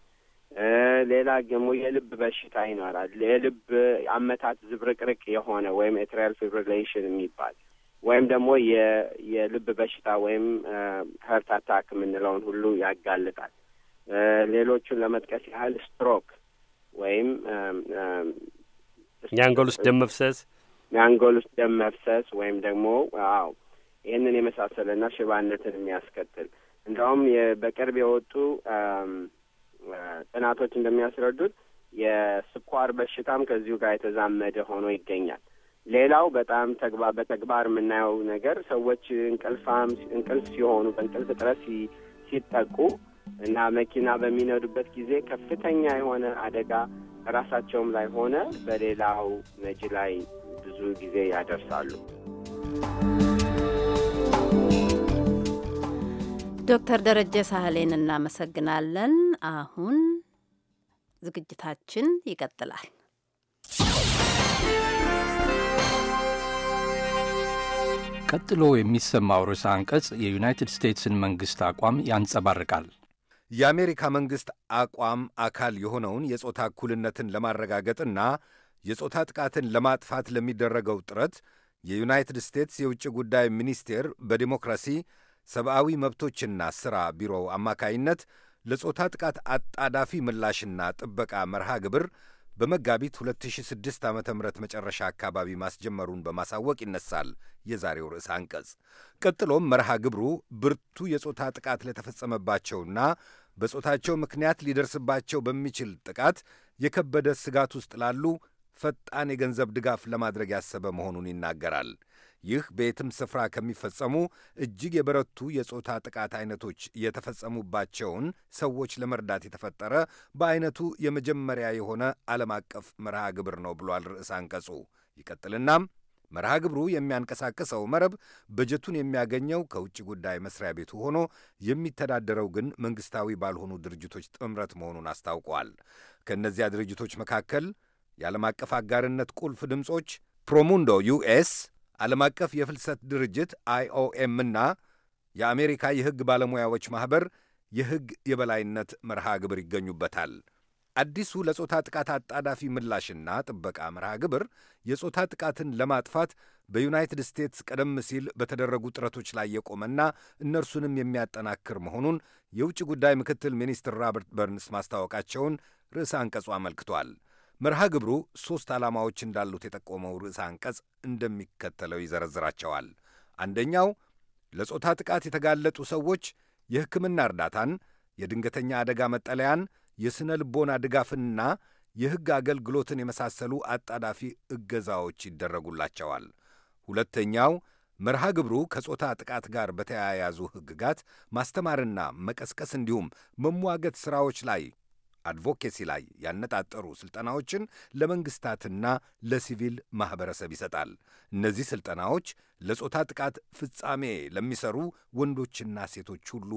ሌላ ደግሞ የልብ በሽታ ይኖራል። የልብ አመታት ዝብርቅርቅ የሆነ ወይም ኤትሪያል ፊብሪሌሽን የሚባል ወይም ደግሞ የልብ በሽታ ወይም ሀርት አታክ የምንለውን ሁሉ ያጋልጣል። ሌሎቹን ለመጥቀስ ያህል ስትሮክ ወይም የአንጎል ውስጥ ደም መፍሰስ የአንጎል ውስጥ ደም መፍሰስ ወይም ደግሞ አዎ ይህንን የመሳሰለና ሽባነትን የሚያስከትል እንደውም በቅርብ የወጡ ጥናቶች እንደሚያስረዱት የስኳር በሽታም ከዚሁ ጋር የተዛመደ ሆኖ ይገኛል። ሌላው በጣም ተግባ በተግባር የምናየው ነገር ሰዎች እንቅልፋም እንቅልፍ ሲሆኑ በእንቅልፍ እጥረት ሲጠቁ እና መኪና በሚነዱበት ጊዜ ከፍተኛ የሆነ አደጋ ራሳቸውም ላይ ሆነ በሌላው መጅ ላይ ብዙ ጊዜ ያደርሳሉ። ዶክተር ደረጀ ሳህሌን እናመሰግናለን። አሁን ዝግጅታችን ይቀጥላል። ቀጥሎ የሚሰማው ርዕሰ አንቀጽ የዩናይትድ ስቴትስን መንግሥት አቋም ያንጸባርቃል። የአሜሪካ መንግሥት አቋም አካል የሆነውን የጾታ እኩልነትን ለማረጋገጥና የጾታ ጥቃትን ለማጥፋት ለሚደረገው ጥረት የዩናይትድ ስቴትስ የውጭ ጉዳይ ሚኒስቴር በዲሞክራሲ ሰብአዊ መብቶችና ሥራ ቢሮው አማካይነት ለጾታ ጥቃት አጣዳፊ ምላሽና ጥበቃ መርሃ ግብር በመጋቢት 2006 ዓ ም መጨረሻ አካባቢ ማስጀመሩን በማሳወቅ ይነሳል የዛሬው ርዕስ አንቀጽ። ቀጥሎም መርሃ ግብሩ ብርቱ የጾታ ጥቃት ለተፈጸመባቸውና በጾታቸው ምክንያት ሊደርስባቸው በሚችል ጥቃት የከበደ ስጋት ውስጥ ላሉ ፈጣን የገንዘብ ድጋፍ ለማድረግ ያሰበ መሆኑን ይናገራል። ይህ በየትም ስፍራ ከሚፈጸሙ እጅግ የበረቱ የጾታ ጥቃት አይነቶች የተፈጸሙባቸውን ሰዎች ለመርዳት የተፈጠረ በአይነቱ የመጀመሪያ የሆነ ዓለም አቀፍ መርሃ ግብር ነው ብሏል ርዕስ አንቀጹ። ይቀጥልናም መርሃ ግብሩ የሚያንቀሳቅሰው መረብ በጀቱን የሚያገኘው ከውጭ ጉዳይ መስሪያ ቤቱ ሆኖ የሚተዳደረው ግን መንግስታዊ ባልሆኑ ድርጅቶች ጥምረት መሆኑን አስታውቋል። ከእነዚያ ድርጅቶች መካከል የዓለም አቀፍ አጋርነት ቁልፍ ድምፆች ፕሮሙንዶ ዩኤስ ዓለም አቀፍ የፍልሰት ድርጅት አይኦኤም እና የአሜሪካ የሕግ ባለሙያዎች ማኅበር የሕግ የበላይነት መርሃ ግብር ይገኙበታል። አዲሱ ለጾታ ጥቃት አጣዳፊ ምላሽና ጥበቃ መርሃ ግብር የጾታ ጥቃትን ለማጥፋት በዩናይትድ ስቴትስ ቀደም ሲል በተደረጉ ጥረቶች ላይ የቆመና እነርሱንም የሚያጠናክር መሆኑን የውጭ ጉዳይ ምክትል ሚኒስትር ሮበርት በርንስ ማስታወቃቸውን ርዕሰ አንቀጹ አመልክቷል። መርሃ ግብሩ ሦስት ዓላማዎች እንዳሉት የጠቆመው ርዕሰ አንቀጽ እንደሚከተለው ይዘረዝራቸዋል። አንደኛው ለጾታ ጥቃት የተጋለጡ ሰዎች የሕክምና እርዳታን፣ የድንገተኛ አደጋ መጠለያን፣ የሥነ ልቦና ድጋፍንና የሕግ አገልግሎትን የመሳሰሉ አጣዳፊ እገዛዎች ይደረጉላቸዋል። ሁለተኛው መርሃ ግብሩ ከጾታ ጥቃት ጋር በተያያዙ ሕግጋት ማስተማርና መቀስቀስ እንዲሁም መሟገት ሥራዎች ላይ አድቮኬሲ ላይ ያነጣጠሩ ስልጠናዎችን ለመንግስታትና ለሲቪል ማኅበረሰብ ይሰጣል። እነዚህ ስልጠናዎች ለጾታ ጥቃት ፍጻሜ ለሚሰሩ ወንዶችና ሴቶች ሁሉ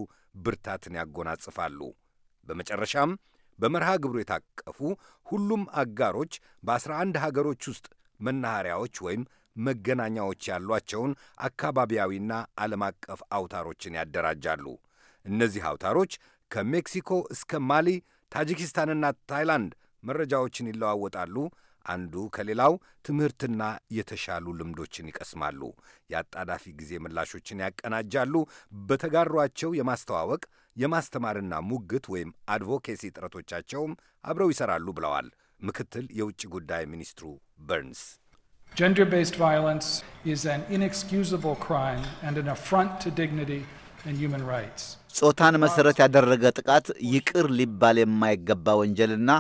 ብርታትን ያጎናጽፋሉ። በመጨረሻም በመርሃ ግብሩ የታቀፉ ሁሉም አጋሮች በ11 ሀገሮች ውስጥ መናኸሪያዎች ወይም መገናኛዎች ያሏቸውን አካባቢያዊና ዓለም አቀፍ አውታሮችን ያደራጃሉ። እነዚህ አውታሮች ከሜክሲኮ እስከ ማሊ ታጂኪስታንና ታይላንድ መረጃዎችን ይለዋወጣሉ። አንዱ ከሌላው ትምህርትና የተሻሉ ልምዶችን ይቀስማሉ። የአጣዳፊ ጊዜ ምላሾችን ያቀናጃሉ። በተጋሯቸው የማስተዋወቅ የማስተማርና ሙግት ወይም አድቮኬሲ ጥረቶቻቸውም አብረው ይሰራሉ ብለዋል ምክትል የውጭ ጉዳይ ሚኒስትሩ በርንስ። ጀንደር ቤስድ ቫዮለንስ ኢዝ አን ኢንኤክስኪዩዝብል ክራይም አንድ አን አፍሮንት ቱ ዲግኒቲ ጾታን መሠረት ያደረገ ጥቃት ይቅር ሊባል የማይገባ ወንጀልና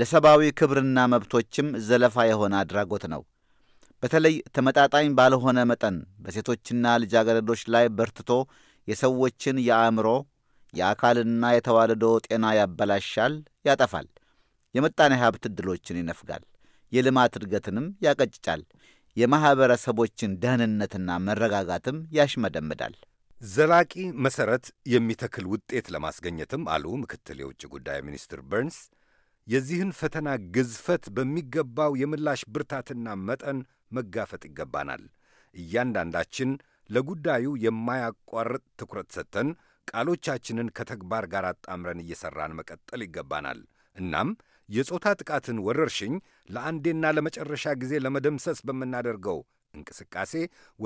ለሰብአዊ ክብርና መብቶችም ዘለፋ የሆነ አድራጎት ነው። በተለይ ተመጣጣኝ ባልሆነ መጠን በሴቶችና ልጃገረዶች ላይ በርትቶ የሰዎችን የአእምሮ የአካልና የተዋልዶ ጤና ያበላሻል፣ ያጠፋል። የምጣኔ ሀብት ዕድሎችን ይነፍጋል። የልማት እድገትንም ያቀጭጫል። የማኅበረሰቦችን ደህንነትና መረጋጋትም ያሽመደምዳል። ዘላቂ መሠረት የሚተክል ውጤት ለማስገኘትም አሉ ምክትል የውጭ ጉዳይ ሚኒስትር በርንስ የዚህን ፈተና ግዝፈት በሚገባው የምላሽ ብርታትና መጠን መጋፈጥ ይገባናል። እያንዳንዳችን ለጉዳዩ የማያቋርጥ ትኩረት ሰጥተን ቃሎቻችንን ከተግባር ጋር አጣምረን እየሠራን መቀጠል ይገባናል። እናም የጾታ ጥቃትን ወረርሽኝ ለአንዴና ለመጨረሻ ጊዜ ለመደምሰስ በምናደርገው እንቅስቃሴ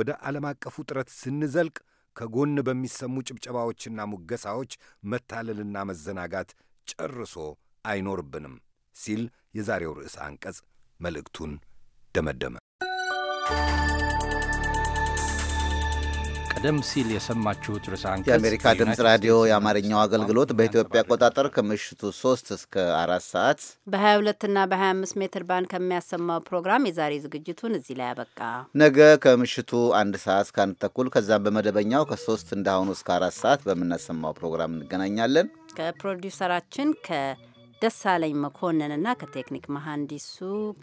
ወደ ዓለም አቀፉ ጥረት ስንዘልቅ ከጎን በሚሰሙ ጭብጨባዎችና ሙገሳዎች መታለልና መዘናጋት ጨርሶ አይኖርብንም ሲል የዛሬው ርዕስ አንቀጽ መልእክቱን ደመደመ። ቀደም ሲል የሰማችሁት ርዕሰ አንቀጽ የአሜሪካ ድምፅ ራዲዮ የአማርኛው አገልግሎት በኢትዮጵያ አቆጣጠር ከምሽቱ 3 እስከ 4 ሰዓት በ22 እና በ25 ሜትር ባንድ ከሚያሰማው ፕሮግራም የዛሬ ዝግጅቱን እዚህ ላይ ያበቃ። ነገ ከምሽቱ አንድ ሰዓት እስከ አንድ ተኩል ከዛም በመደበኛው ከ3 እንዳሁኑ እስከ 4 ሰዓት በምናሰማው ፕሮግራም እንገናኛለን ከፕሮዲውሰራችን ከ ደሳለኝ መኮንንና ከቴክኒክ መሐንዲሱ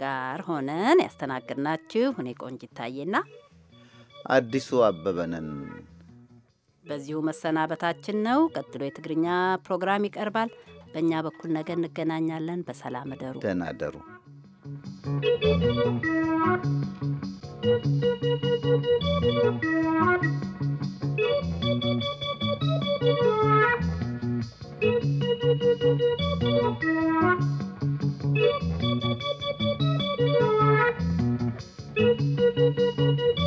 ጋር ሆነን ያስተናግድናችሁ እኔ ቆንጅ ይታየና አዲሱ አበበነን በዚሁ መሰናበታችን ነው። ቀጥሎ የትግርኛ ፕሮግራም ይቀርባል። በእኛ በኩል ነገ እንገናኛለን። በሰላም እደሩ። ደህና እደሩ። Thank you.